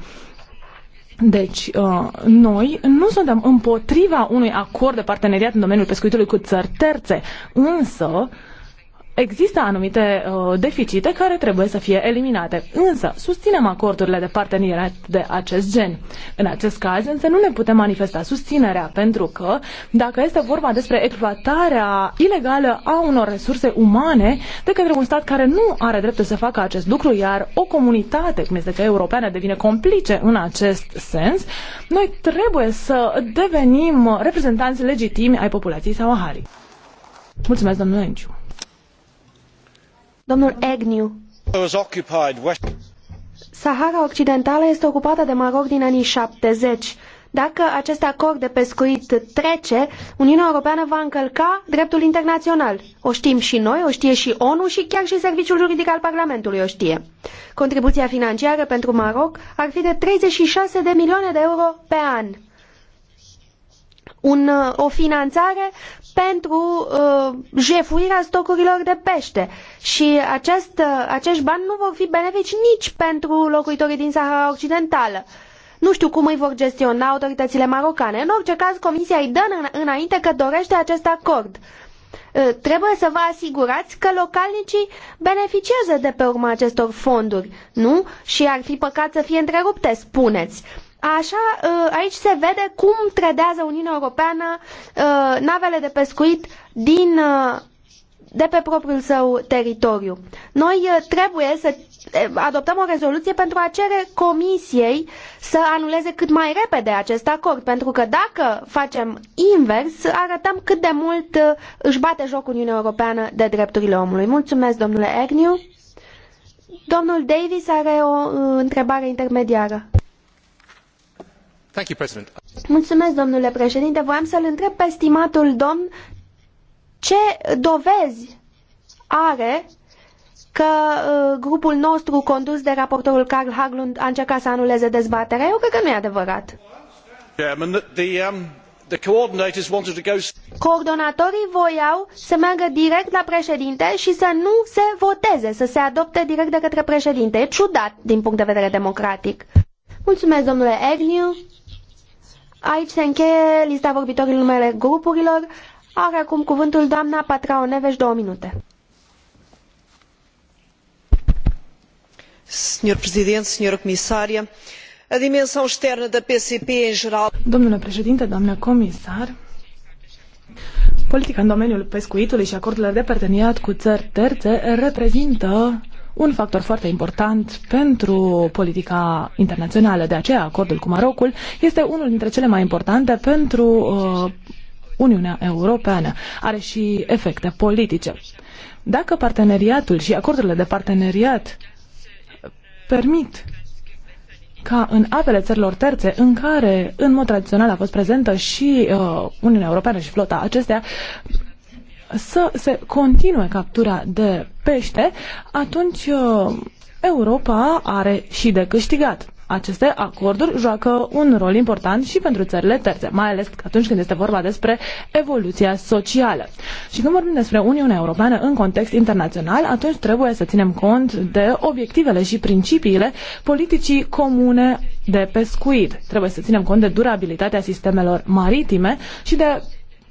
Deci, uh, noi nu suntem împotriva unui acord de parteneriat în domeniul pescuitului cu țări terțe, însă există anumite uh, deficite care trebuie să fie eliminate. Însă, susținem acordurile de parteneriat de acest gen. În acest caz, însă, nu ne putem manifesta susținerea, pentru că, dacă este vorba despre exploatarea ilegală a unor resurse umane de către un stat care nu are dreptul să facă acest lucru, iar o comunitate, cum este că europeană, devine complice în acest sens, noi trebuie să devenim reprezentanți legitimi ai populației Sahari. Mulțumesc, domnule Enciu. Sahara Occidentală este ocupată de Maroc din anii 70. Dacă acest acord de pescuit trece, Uniunea Europeană va încălca dreptul internațional. O știm și noi, o știe și ONU și chiar și Serviciul Juridic al Parlamentului o știe. Contribuția financiară pentru Maroc ar fi de 36 de milioane de euro pe an. Un, uh, o finanțare pentru uh, jefuirea stocurilor de pește. Și acest, uh, acești bani nu vor fi benefici nici pentru locuitorii din Sahara Occidentală. Nu știu cum îi vor gestiona autoritățile marocane. În orice caz, Comisia îi dă în, înainte că dorește acest acord. Uh, trebuie să vă asigurați că localnicii beneficiază de pe urma acestor fonduri, nu? Și ar fi păcat să fie întrerupte, spuneți. Așa, uh, aici se vede cum trădează Uniunea Europeană uh, navele de pescuit din, uh, de pe propriul său teritoriu. Noi trebuie să adoptăm o rezoluție pentru a cere Comisiei să anuleze cât mai repede acest acord, pentru că dacă facem invers, arătăm cât de mult își bate joc Uniunea Europeană de drepturile omului. Mulțumesc, domnule Erniu. Domnul Davis are o întrebare intermediară. Mulțumesc, domnule președinte. Voiam să-l întreb pe stimatul domn ce dovezi are că uh, grupul nostru condus de raportorul Carl Haglund a încercat să anuleze dezbaterea. Eu cred că nu e adevărat. Um, Coordonatorii voiau să meargă direct la președinte și să nu se voteze, să se adopte direct de către președinte. E ciudat din punct de vedere democratic. Mulțumesc, domnule Agnew. Aici se încheie lista vorbitorilor numele grupurilor. Are acum cuvântul doamna Patrao Neveș, două minute. Senhor Presidente, Senhora Comissária, a dimensão externa da PCP em geral. Domnule președinte, doamnă comisar, politica în domeniul pescuitului și acordurile de parteneriat cu țări terțe reprezintă un factor foarte important pentru politica internațională. De aceea, acordul cu Marocul este unul dintre cele mai importante pentru uh, Uniunea Europeană. Are și efecte politice. Dacă parteneriatul și acordurile de parteneriat permit ca în apele țărilor terțe, în care în mod tradițional a fost prezentă și uh, Uniunea Europeană și flota acestea, să se continue captura de pește, atunci uh, Europa are și de câștigat. Aceste acorduri joacă un rol important și pentru țările terțe, mai ales atunci când este vorba despre evoluția socială. Și când vorbim despre Uniunea Europeană în context internațional, atunci trebuie să ținem cont de obiectivele și principiile politicii comune de pescuit. Trebuie să ținem cont de durabilitatea sistemelor maritime și de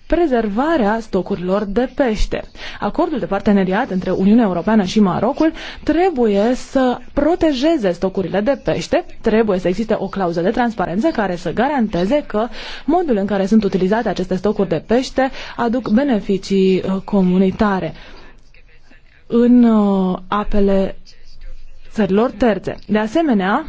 prezervarea stocurilor de pește. Acordul de parteneriat între Uniunea Europeană și Marocul trebuie să protejeze stocurile de pește, trebuie să existe o clauză de transparență care să garanteze că modul în care sunt utilizate aceste stocuri de pește aduc beneficii uh, comunitare în uh, apele țărilor terțe. De asemenea,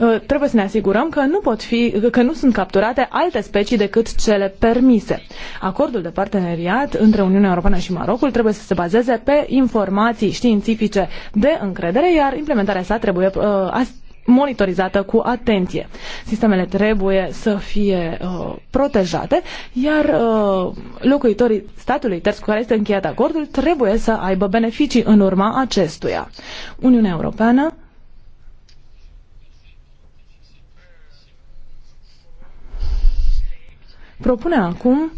Ă, trebuie să ne asigurăm că nu, pot fi, că nu sunt capturate alte specii decât cele permise. Acordul de parteneriat între Uniunea Europeană și Marocul trebuie să se bazeze pe informații științifice de încredere, iar implementarea sa trebuie uh, monitorizată cu atenție. Sistemele trebuie să fie uh, protejate, iar uh, locuitorii statului terț cu care este încheiat acordul trebuie să aibă beneficii în urma acestuia. Uniunea Europeană propune acum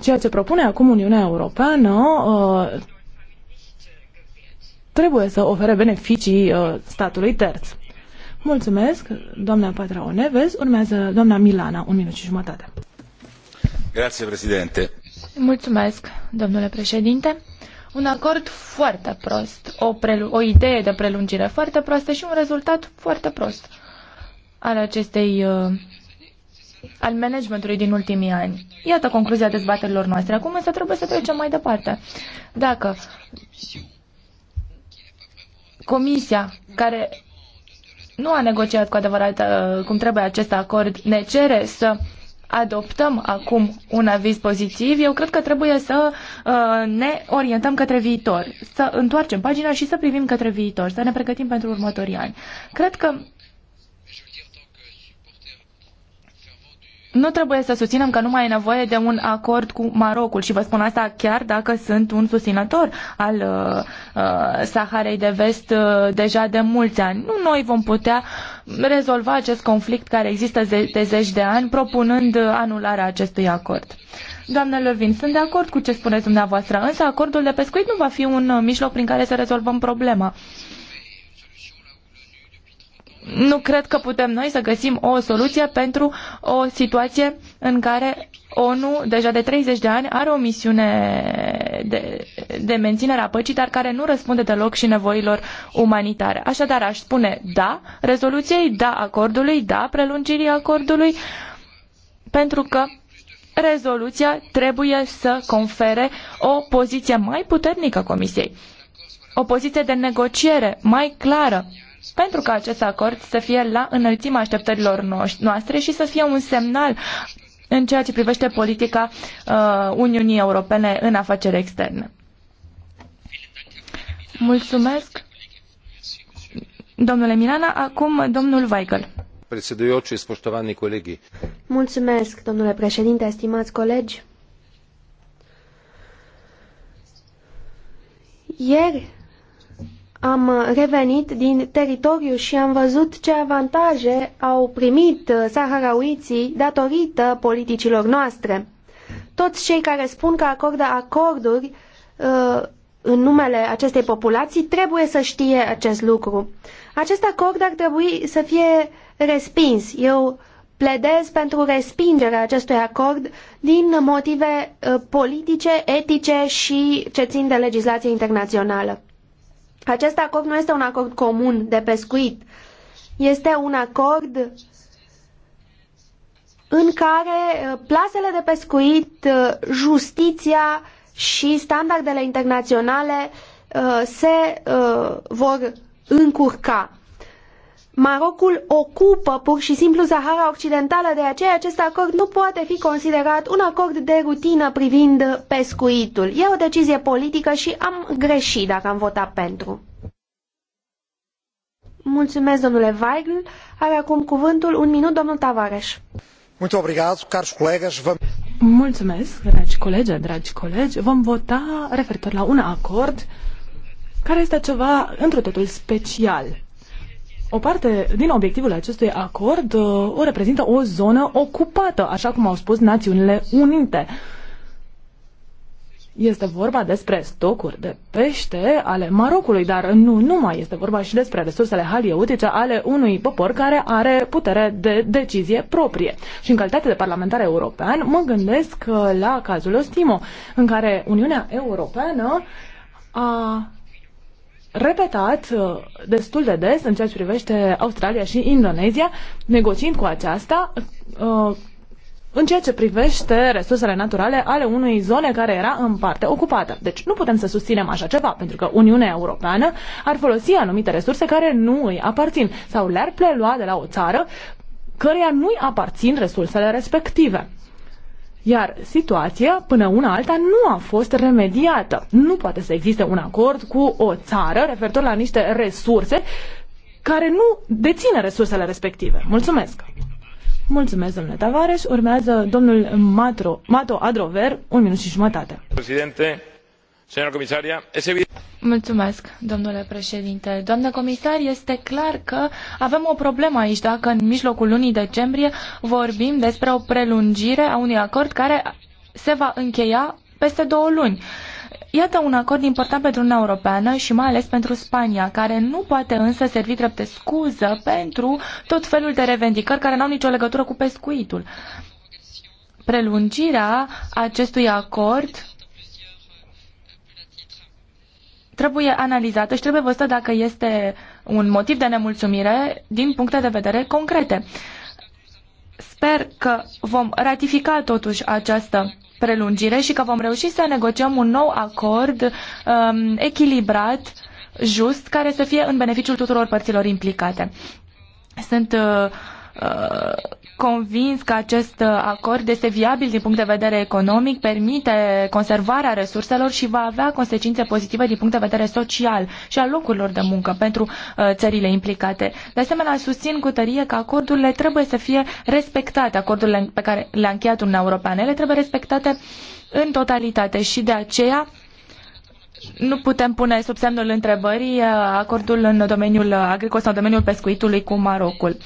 ceea ce propune acum Uniunea Europeană uh, trebuie să ofere beneficii uh, statului terț. Mulțumesc, doamna Patrao Neves. Urmează doamna Milana, un minut și jumătate. Grazie, președinte. Mulțumesc, domnule președinte. Un acord foarte prost, o, o idee de prelungire foarte proastă și un rezultat foarte prost al acestei uh, al managementului din ultimii ani. Iată concluzia dezbaterilor noastre. Acum însă trebuie să trecem mai departe. Dacă Comisia, care nu a negociat cu adevărat uh, cum trebuie acest acord, ne cere să adoptăm acum un aviz pozitiv, eu cred că trebuie să uh, ne orientăm către viitor, să întoarcem pagina și să privim către viitor, să ne pregătim pentru următorii ani. Cred că nu trebuie să susținem că nu mai e nevoie de un acord cu Marocul și vă spun asta chiar dacă sunt un susținător al uh, uh, Saharei de Vest uh, deja de mulți ani. Nu noi vom putea rezolva acest conflict care există ze- de zeci de ani propunând anularea acestui acord. Doamnă Levin, sunt de acord cu ce spuneți dumneavoastră, însă acordul de pescuit nu va fi un uh, mijloc prin care să rezolvăm problema. Uh, nu cred că putem noi să găsim o soluție pentru o situație în care ONU deja de 30 de ani are o misiune de, de menținere a păcii, dar care nu răspunde deloc și nevoilor umanitare. Așadar, aș spune da rezoluției, da acordului, da prelungirii acordului, pentru că rezoluția trebuie să confere o poziție mai puternică Comisiei, o poziție de negociere mai clară pentru ca acest acord să fie la înălțimea așteptărilor noastre și să fie un semnal în ceea ce privește politica uh, Uniunii Europene în afaceri externe. Mulțumesc. Domnule Milana, acum domnul Weigel. Mulțumesc, domnule președinte, estimați colegi. Ieri am revenit din teritoriu și am văzut ce avantaje au primit saharauiții datorită politicilor noastre. Toți cei care spun că acordă acorduri uh, în numele acestei populații trebuie să știe acest lucru. Acest acord ar trebui să fie respins. Eu pledez pentru respingerea acestui acord din motive uh, politice, etice și ce țin de legislație internațională. Acest acord nu este un acord comun de pescuit. Este un acord în care uh, plasele de pescuit, uh, justiția și standardele internaționale uh, se vor încurca. Marocul ocupă pur și simplu Sahara Occidentală, de aceea acest acord nu poate fi considerat un acord de rutină privind pescuitul. E o decizie politică și am greșit dacă am votat pentru. Mulțumesc, domnule Weigl. Are acum cuvântul un minut, domnul Tavares. Mulțumesc, dragi colegi, dragi colegi. Vom vota referitor la un acord care este ceva într totul special o parte din obiectivul acestui acord uh, o reprezintă o zonă ocupată, așa cum au spus Națiunile Unite. Este vorba despre stocuri de pește ale Marocului, dar nu numai. Este vorba și despre resursele halieutice ale unui popor care are putere de decizie proprie. Și în calitate de parlamentar european, mă gândesc uh, la cazul Ostimo, în care Uniunea Europeană a repetat uh, destul de des în ceea ce privește Australia și Indonezia, negociind cu aceasta uh, în ceea ce privește resursele naturale ale unei zone care era în parte ocupată. Deci nu putem să susținem așa ceva, pentru că Uniunea Europeană ar folosi anumite resurse care nu îi aparțin sau le-ar prelua de la o țară căreia nu-i aparțin resursele respective. Iar situația, până una alta, nu a fost remediată. Nu poate să existe un acord cu o țară referitor la niște resurse care nu deține resursele respective. Mulțumesc! Mulțumesc, domnule Tavares. Urmează domnul Matro, Mato Adrover, un minut și jumătate. Președinte, señora comisaria, Mulțumesc, domnule președinte. Doamnă comisar, este clar că avem o problemă aici dacă în mijlocul lunii decembrie vorbim despre o prelungire a unui acord care se va încheia peste două luni. Iată un acord important pentru Uniunea Europeană și mai ales pentru Spania, care nu poate însă servi drept scuză pentru tot felul de revendicări care n-au nicio legătură cu pescuitul. Prelungirea acestui acord trebuie analizată și trebuie văzută dacă este un motiv de nemulțumire din puncte de vedere concrete. Sper că vom ratifica totuși această prelungire și că vom reuși să negociem un nou acord um, echilibrat, just, care să fie în beneficiul tuturor părților implicate. Sunt uh, uh, convins că acest uh, acord este viabil din punct de vedere economic, permite conservarea resurselor și va avea consecințe pozitive din punct de vedere social și al locurilor de muncă pentru uh, țările implicate. De asemenea, susțin cu tărie că acordurile trebuie să fie respectate, acordurile pe care le-a încheiat Uniunea Europeană, ele trebuie respectate în totalitate și de aceea nu putem pune sub semnul întrebării uh, acordul în domeniul agricol sau în domeniul pescuitului cu Marocul.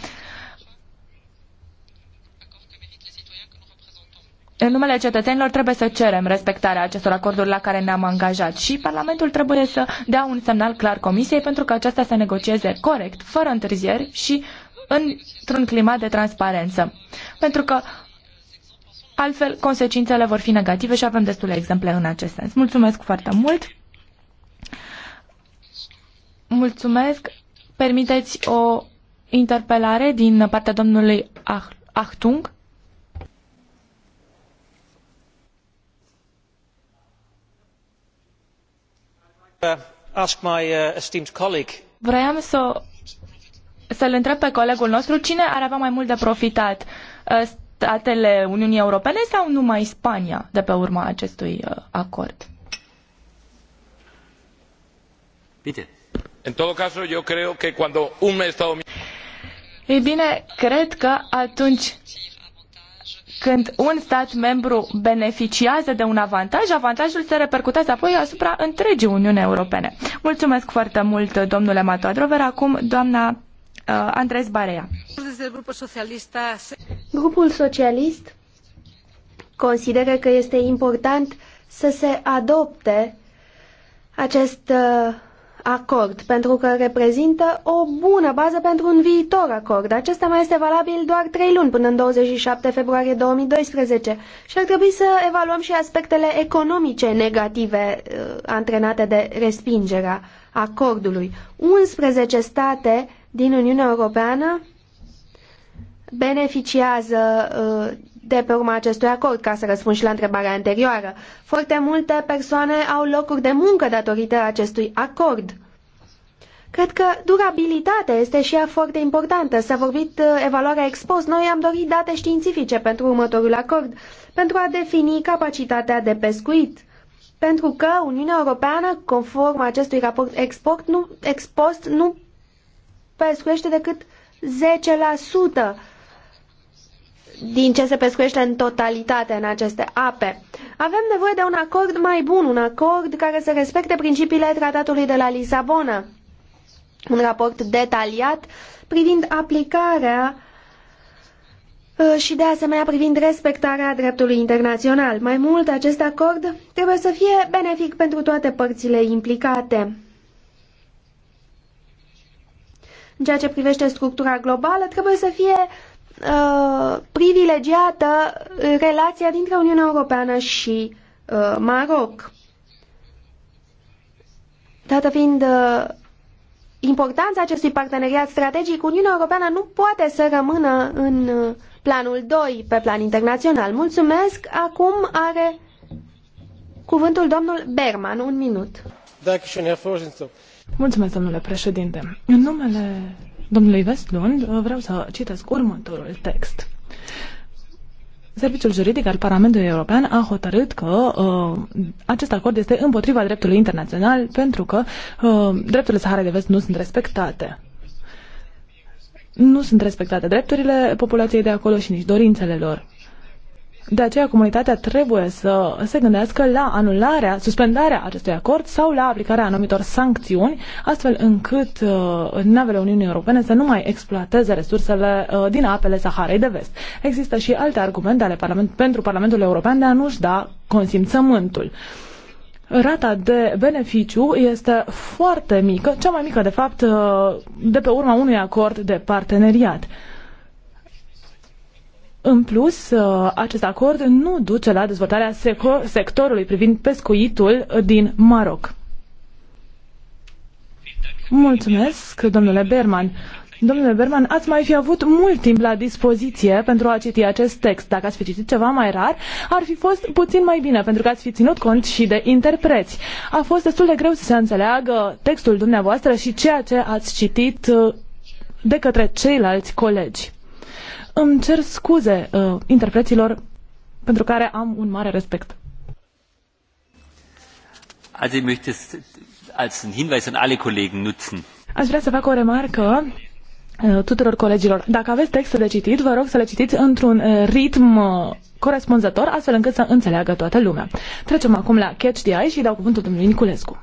în numele cetățenilor trebuie să cerem respectarea acestor acorduri la care ne-am angajat și Parlamentul trebuie să dea un semnal clar Comisiei pentru că aceasta să negocieze corect, fără întârzieri și într-un climat de transparență. Pentru că altfel consecințele vor fi negative și avem destule exemple în acest sens. Mulțumesc foarte mult! Mulțumesc! Permiteți o interpelare din partea domnului Achtung. Uh, uh, Vreau să, să-l întreb pe colegul nostru cine ar avea mai mult de profitat, uh, statele Uniunii Europene sau numai Spania de pe urma acestui acord? Bine. În todo caso, yo un Ei bine, cred că atunci când un stat membru beneficiază de un avantaj, avantajul se repercutează apoi asupra întregii Uniunii Europene. Mulțumesc foarte mult, domnule Matoadrover. Acum, doamna uh, Andres Barea. Grupul socialist consideră că este important să se adopte acest uh, acord, pentru că reprezintă o bună bază pentru un viitor acord. Acesta mai este valabil doar trei luni, până în 27 februarie 2012 și ar trebui să evaluăm și aspectele economice negative uh, antrenate de respingerea acordului. 11 state din Uniunea Europeană beneficiază uh, de pe urma acestui acord, ca să răspund și la întrebarea anterioară. Foarte multe persoane au locuri de muncă datorită acestui acord. Cred că durabilitatea este și ea foarte importantă. S-a vorbit uh, evaluarea expos. Noi am dorit date științifice pentru următorul acord, pentru a defini capacitatea de pescuit. Pentru că Uniunea Europeană, conform acestui raport export, nu, expost, nu pescuiește decât din ce se pescuiește în totalitate în aceste ape. Avem nevoie de un acord mai bun, un acord care să respecte principiile tratatului de la Lisabona. Un raport detaliat privind aplicarea ă, și de asemenea privind respectarea dreptului internațional. Mai mult, acest acord trebuie să fie benefic pentru toate părțile implicate. În ceea ce privește structura globală, trebuie să fie Uh, privilegiată relația dintre Uniunea Europeană și uh, Maroc. Dată fiind uh, importanța acestui parteneriat strategic, Uniunea Europeană nu poate să rămână în uh, planul 2 pe plan internațional. Mulțumesc. Acum are cuvântul domnul Berman. Un minut. Mulțumesc, domnule președinte. În numele domnului Vestlund, vreau să citesc următorul text. Serviciul juridic al Parlamentului European a hotărât că uh, acest acord este împotriva dreptului internațional pentru că uh, drepturile Saharei de Vest nu sunt respectate. Nu sunt respectate drepturile populației de acolo și nici dorințele lor. De aceea, comunitatea trebuie să se gândească la anularea, suspendarea acestui acord sau la aplicarea anumitor sancțiuni, astfel încât uh, navele Uniunii Europene să nu mai exploateze resursele uh, din apele Saharei de Vest. Există și alte argumente ale Parlament, pentru Parlamentul European de a nu-și da consimțământul. Rata de beneficiu este foarte mică, cea mai mică, de fapt, uh, de pe urma unui acord de parteneriat. În plus, uh, acest acord nu duce la dezvoltarea sectorului privind pescuitul din Maroc. Mulțumesc, domnule Berman. Domnule Berman, ați mai fi avut mult timp la dispoziție pentru a citi acest text. Dacă ați fi citit ceva mai rar, ar fi fost puțin mai bine, pentru că ați fi ținut cont și de interpreți. A fost destul de greu să se înțeleagă textul dumneavoastră și ceea ce ați citit uh, de către ceilalți colegi. Îmi cer scuze uh, interpreților pentru care am un mare respect. Aș vrea să fac o remarcă uh, tuturor colegilor. Dacă aveți texte de citit, vă rog să le citiți într-un uh, ritm uh, corespunzător, astfel încât să înțeleagă toată lumea. Trecem acum la Catch the Eye și dau cuvântul domnului Niculescu.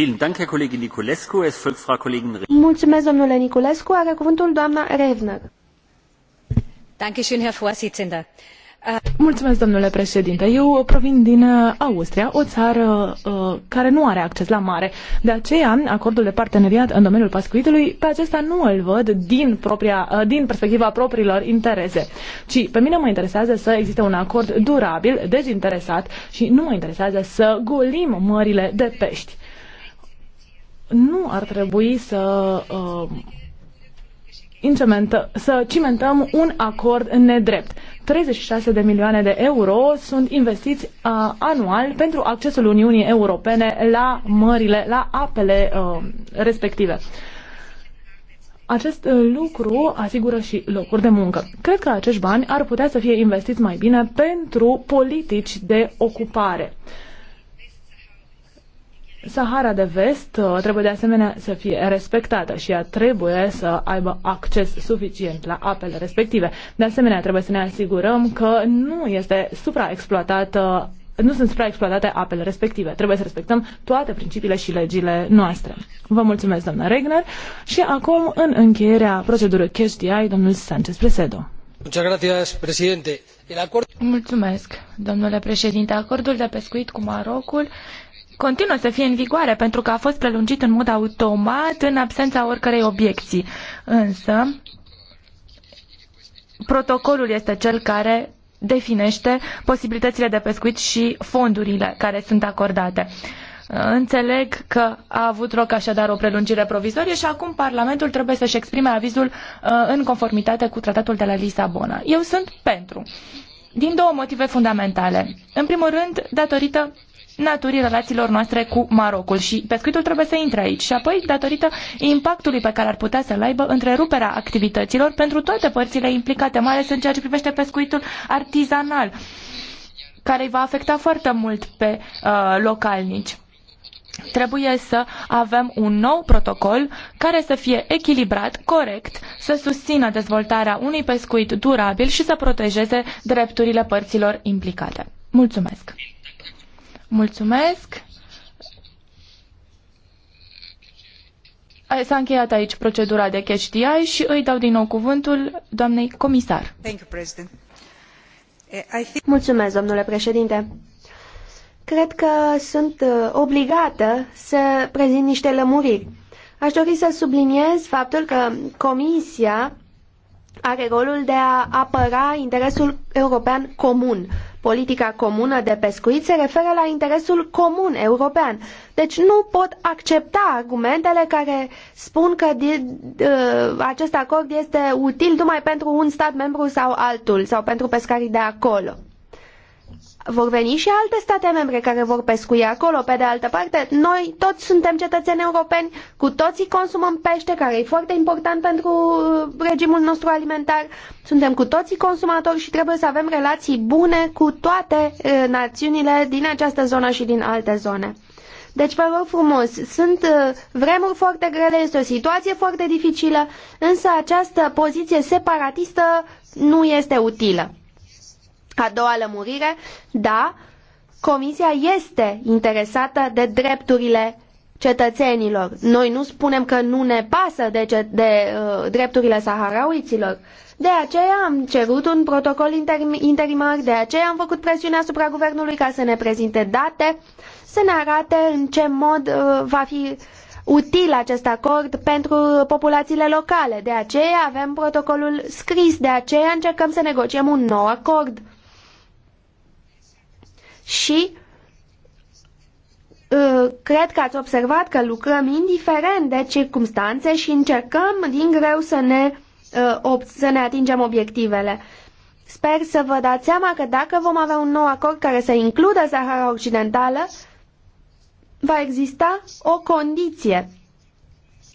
Er mulțumesc, domnule uh, Mulțumesc, domnule președinte. Eu provin din uh, Austria, o țară uh, care nu are acces la mare. De aceea, acordul de parteneriat în domeniul pascuitului, pe acesta nu îl văd din, propria, din perspectiva propriilor interese, ci pe mine mă interesează să existe un acord durabil, dezinteresat și nu mă interesează să golim mările de pești nu ar trebui să uh, să cimentăm un acord nedrept. 36 de milioane de euro sunt investiți uh, anual pentru accesul Uniunii Europene la mările, la apele uh, respective. Acest uh, lucru asigură și locuri de muncă. Cred că acești bani ar putea să fie investiți mai bine pentru politici de ocupare. Uh, Sahara de Vest uh, trebuie de asemenea să fie respectată și ea trebuie să aibă acces suficient la apele respective. De asemenea, trebuie să ne asigurăm că nu este supraexploatată nu sunt supraexploatate apele respective. Trebuie să respectăm toate principiile și legile noastre. Vă mulțumesc, doamna Regner. Și acum, în încheierea procedurii QSDI, domnul Sanchez Presedo. Mulțumesc, domnule președinte. Acordul de pescuit cu Marocul continuă să fie în vigoare pentru că a fost prelungit în mod automat în absența oricărei obiecții. Însă, protocolul este cel care definește posibilitățile de pescuit și fondurile care sunt acordate. Înțeleg că a avut loc așadar o prelungire provizorie și acum Parlamentul trebuie să-și exprime avizul uh, în conformitate cu tratatul de la Lisabona. Eu sunt pentru. Din două motive fundamentale. În primul rând, datorită naturii relațiilor noastre cu Marocul și pescuitul trebuie să intre aici. Și apoi, datorită impactului pe care ar putea să-l aibă întreruperea activităților pentru toate părțile implicate, mai ales în ceea ce privește pescuitul artizanal, care îi va afecta foarte mult pe uh, localnici trebuie să avem un nou protocol care să fie echilibrat, corect, să susțină dezvoltarea unui pescuit durabil și să protejeze drepturile părților implicate. Mulțumesc! Mulțumesc. S-a încheiat aici procedura de catch și îi dau din nou cuvântul doamnei comisar. Eh, Mulțumesc, domnule președinte. Cred că sunt eh, obligată să prezint niște lămuriri. Aș dori să subliniez faptul că Comisia are rolul de a apăra interesul european comun. Politica comună de pescuit se referă la interesul comun european. Deci nu pot accepta argumentele care spun că uh, acest acord este util numai pentru un stat membru sau altul sau pentru pescarii de acolo vor veni și alte state membre care vor pescui acolo. Pe de altă parte, noi toți suntem cetățeni europeni, cu toții consumăm pește, care e foarte important pentru uh, regimul nostru alimentar. Suntem cu toții consumatori și trebuie să avem relații bune cu toate uh, națiunile din această zonă și din alte zone. Deci, vă rog frumos, sunt uh, vremuri foarte grele, este o situație foarte dificilă, însă această poziție separatistă nu este utilă. A doua lămurire, da, Comisia este interesată de drepturile cetățenilor. Noi nu spunem că nu ne pasă de, ce, de uh, drepturile saharauiților. De aceea am cerut un protocol interim, interimar, de aceea am făcut presiune asupra guvernului ca să ne prezinte date, să ne arate în ce mod uh, va fi util acest acord pentru populațiile locale. De aceea avem protocolul scris, de aceea încercăm să negociem un nou acord și uh, cred că ați observat că lucrăm indiferent de circumstanțe și încercăm din greu să ne, uh, să ne atingem obiectivele. Sper să vă dați seama că dacă vom avea un nou acord care să includă Sahara Occidentală, va exista o condiție.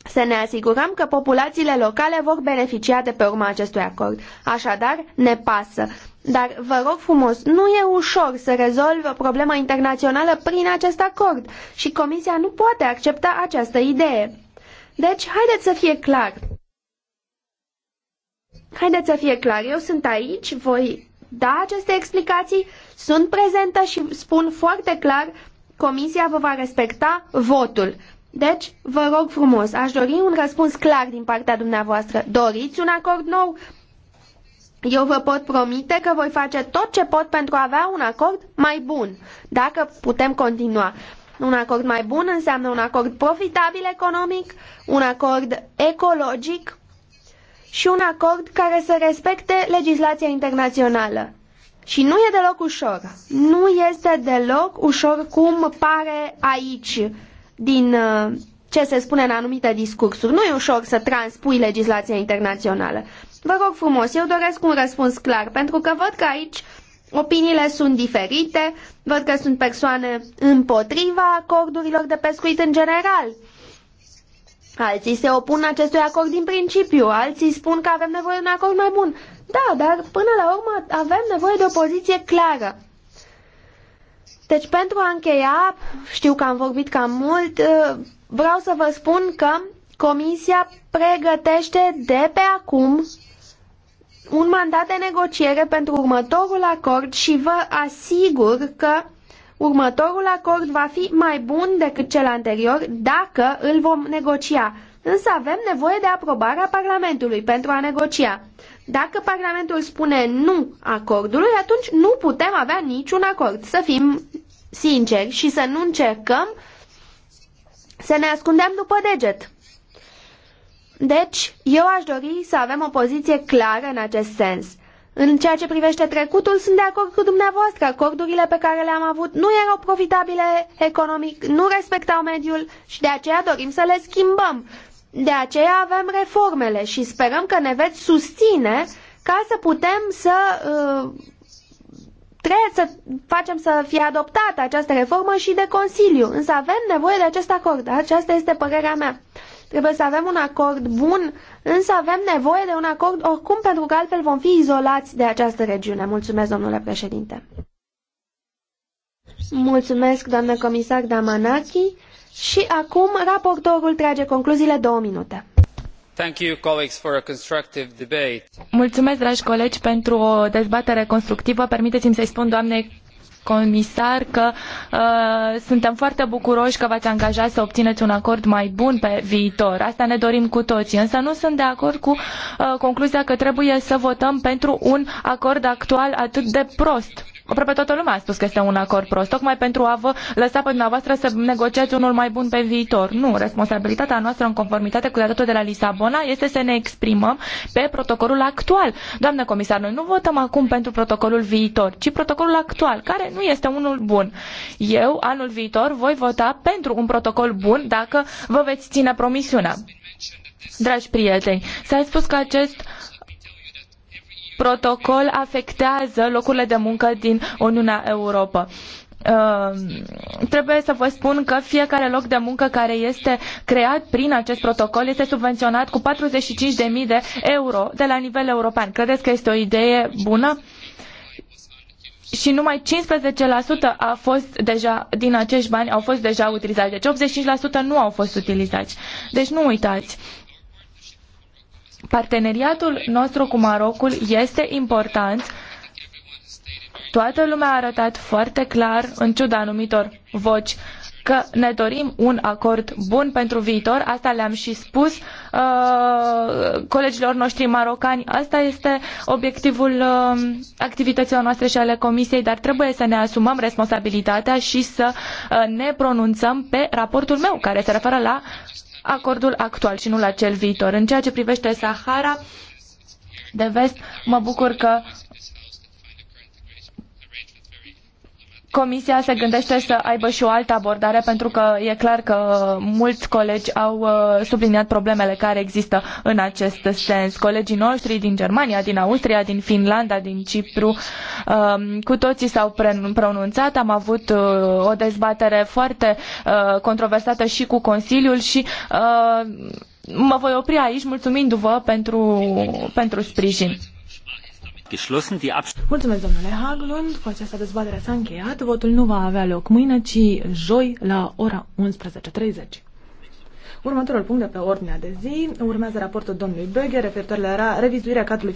Să ne asigurăm că populațiile locale vor beneficia de pe urma acestui acord. Așadar, ne pasă. Dar vă rog frumos, nu e ușor să rezolvă problema internațională prin acest acord și Comisia nu poate accepta această idee. Deci, haideți să fie clar. Haideți să fie clar, eu sunt aici, voi da aceste explicații, sunt prezentă și spun foarte clar, Comisia vă va respecta votul. Deci, vă rog frumos, aș dori un răspuns clar din partea dumneavoastră. Doriți un acord nou? Eu vă pot promite că voi face tot ce pot pentru a avea un acord mai bun, dacă putem continua. Un acord mai bun înseamnă un acord profitabil economic, un acord ecologic și un acord care să respecte legislația internațională. Și nu e deloc ușor. Nu este deloc ușor cum pare aici din uh, ce se spune în anumite discursuri. Nu e ușor să transpui legislația internațională. Vă rog frumos, eu doresc un răspuns clar, pentru că văd că aici opiniile sunt diferite, văd că sunt persoane împotriva acordurilor de pescuit în general. Alții se opun acestui acord din principiu, alții spun că avem nevoie de un acord mai bun. Da, dar până la urmă avem nevoie de o poziție clară. Deci pentru a încheia, știu că am vorbit cam mult, ă, vreau să vă spun că Comisia pregătește de pe acum un mandat de negociere pentru următorul acord și vă asigur că următorul acord va fi mai bun decât cel anterior dacă îl vom negocia. Însă avem nevoie de aprobarea Parlamentului pentru a negocia. Dacă Parlamentul spune nu acordului, atunci nu putem avea niciun acord. Să fim sinceri și să nu încercăm să ne ascundem după deget. Deci, eu aș dori să avem o poziție clară în acest sens. În ceea ce privește trecutul, sunt de acord cu dumneavoastră. Acordurile pe care le-am avut nu erau profitabile economic, nu respectau mediul și de aceea dorim să le schimbăm. De aceea avem reformele și sperăm că ne veți susține ca să putem să uh, trebuie să facem să fie adoptată această reformă și de Consiliu. Însă avem nevoie de acest acord. Aceasta este părerea mea. Trebuie să avem un acord bun, însă avem nevoie de un acord oricum, pentru că altfel vom fi izolați de această regiune. Mulțumesc, domnule președinte. Mulțumesc, doamnă comisar Damanaki. Și acum raportorul trage concluziile două minute. Mulțumesc, dragi colegi, pentru o dezbatere constructivă. Permiteți-mi să-i spun doamnei comisar că uh, suntem foarte bucuroși că v-ați angajat să obțineți un acord mai bun pe viitor. Asta ne dorim cu toții, însă nu sunt de acord cu uh, concluzia că trebuie să votăm pentru un acord actual atât de prost aproape toată lumea a spus că este un acord prost, tocmai pentru a vă lăsa pe dumneavoastră să negociați unul mai bun pe viitor. Nu, responsabilitatea noastră în conformitate cu datul de la Lisabona este să ne exprimăm pe protocolul actual. Doamne comisar, noi nu votăm acum pentru protocolul viitor, ci protocolul actual, care nu este unul bun. Eu, anul viitor, voi vota pentru un protocol bun dacă vă veți ține promisiunea. Dragi prieteni, s-a spus că acest protocol afectează locurile de muncă din Uniunea Europa. Uh, ehm, trebuie să vă spun că fiecare loc de muncă care este creat prin acest protocol este subvenționat cu 45.000 de euro de la nivel european. Credeți că este o idee bună? și numai 15% a fost deja, din acești bani au fost deja utilizați. Deci 85% nu au fost utilizați. Deci nu uitați Parteneriatul nostru cu Marocul este important. Toată lumea a arătat foarte clar, în ciuda anumitor voci, că ne dorim un acord bun pentru viitor. Asta le-am și spus uh, colegilor noștri marocani. Asta este obiectivul uh, activităților noastre și ale Comisiei, dar trebuie să ne asumăm responsabilitatea și să uh, ne pronunțăm pe raportul meu, care se referă la acordul actual și nu la cel viitor. În ceea ce privește Sahara de vest, mă bucur că Comisia se gândește să aibă și o altă abordare pentru că e clar că mulți colegi au uh, subliniat problemele care există în acest sens. Colegii noștri din Germania, din Austria, din Finlanda, din Cipru, um, cu toții s-au pronunțat. Am avut uh, o dezbatere foarte uh, controversată și cu Consiliul și mă voi opri aici mulțumindu-vă pentru, pentru sprijin geschlossen. Die Mulțumesc, domnule Haglund. Cu această dezbatere s-a încheiat. Votul nu va avea loc mâine, ci joi la ora 11.30. Următorul punct de pe ordinea de zi urmează raportul domnului Böge referitor la revizuirea cadrului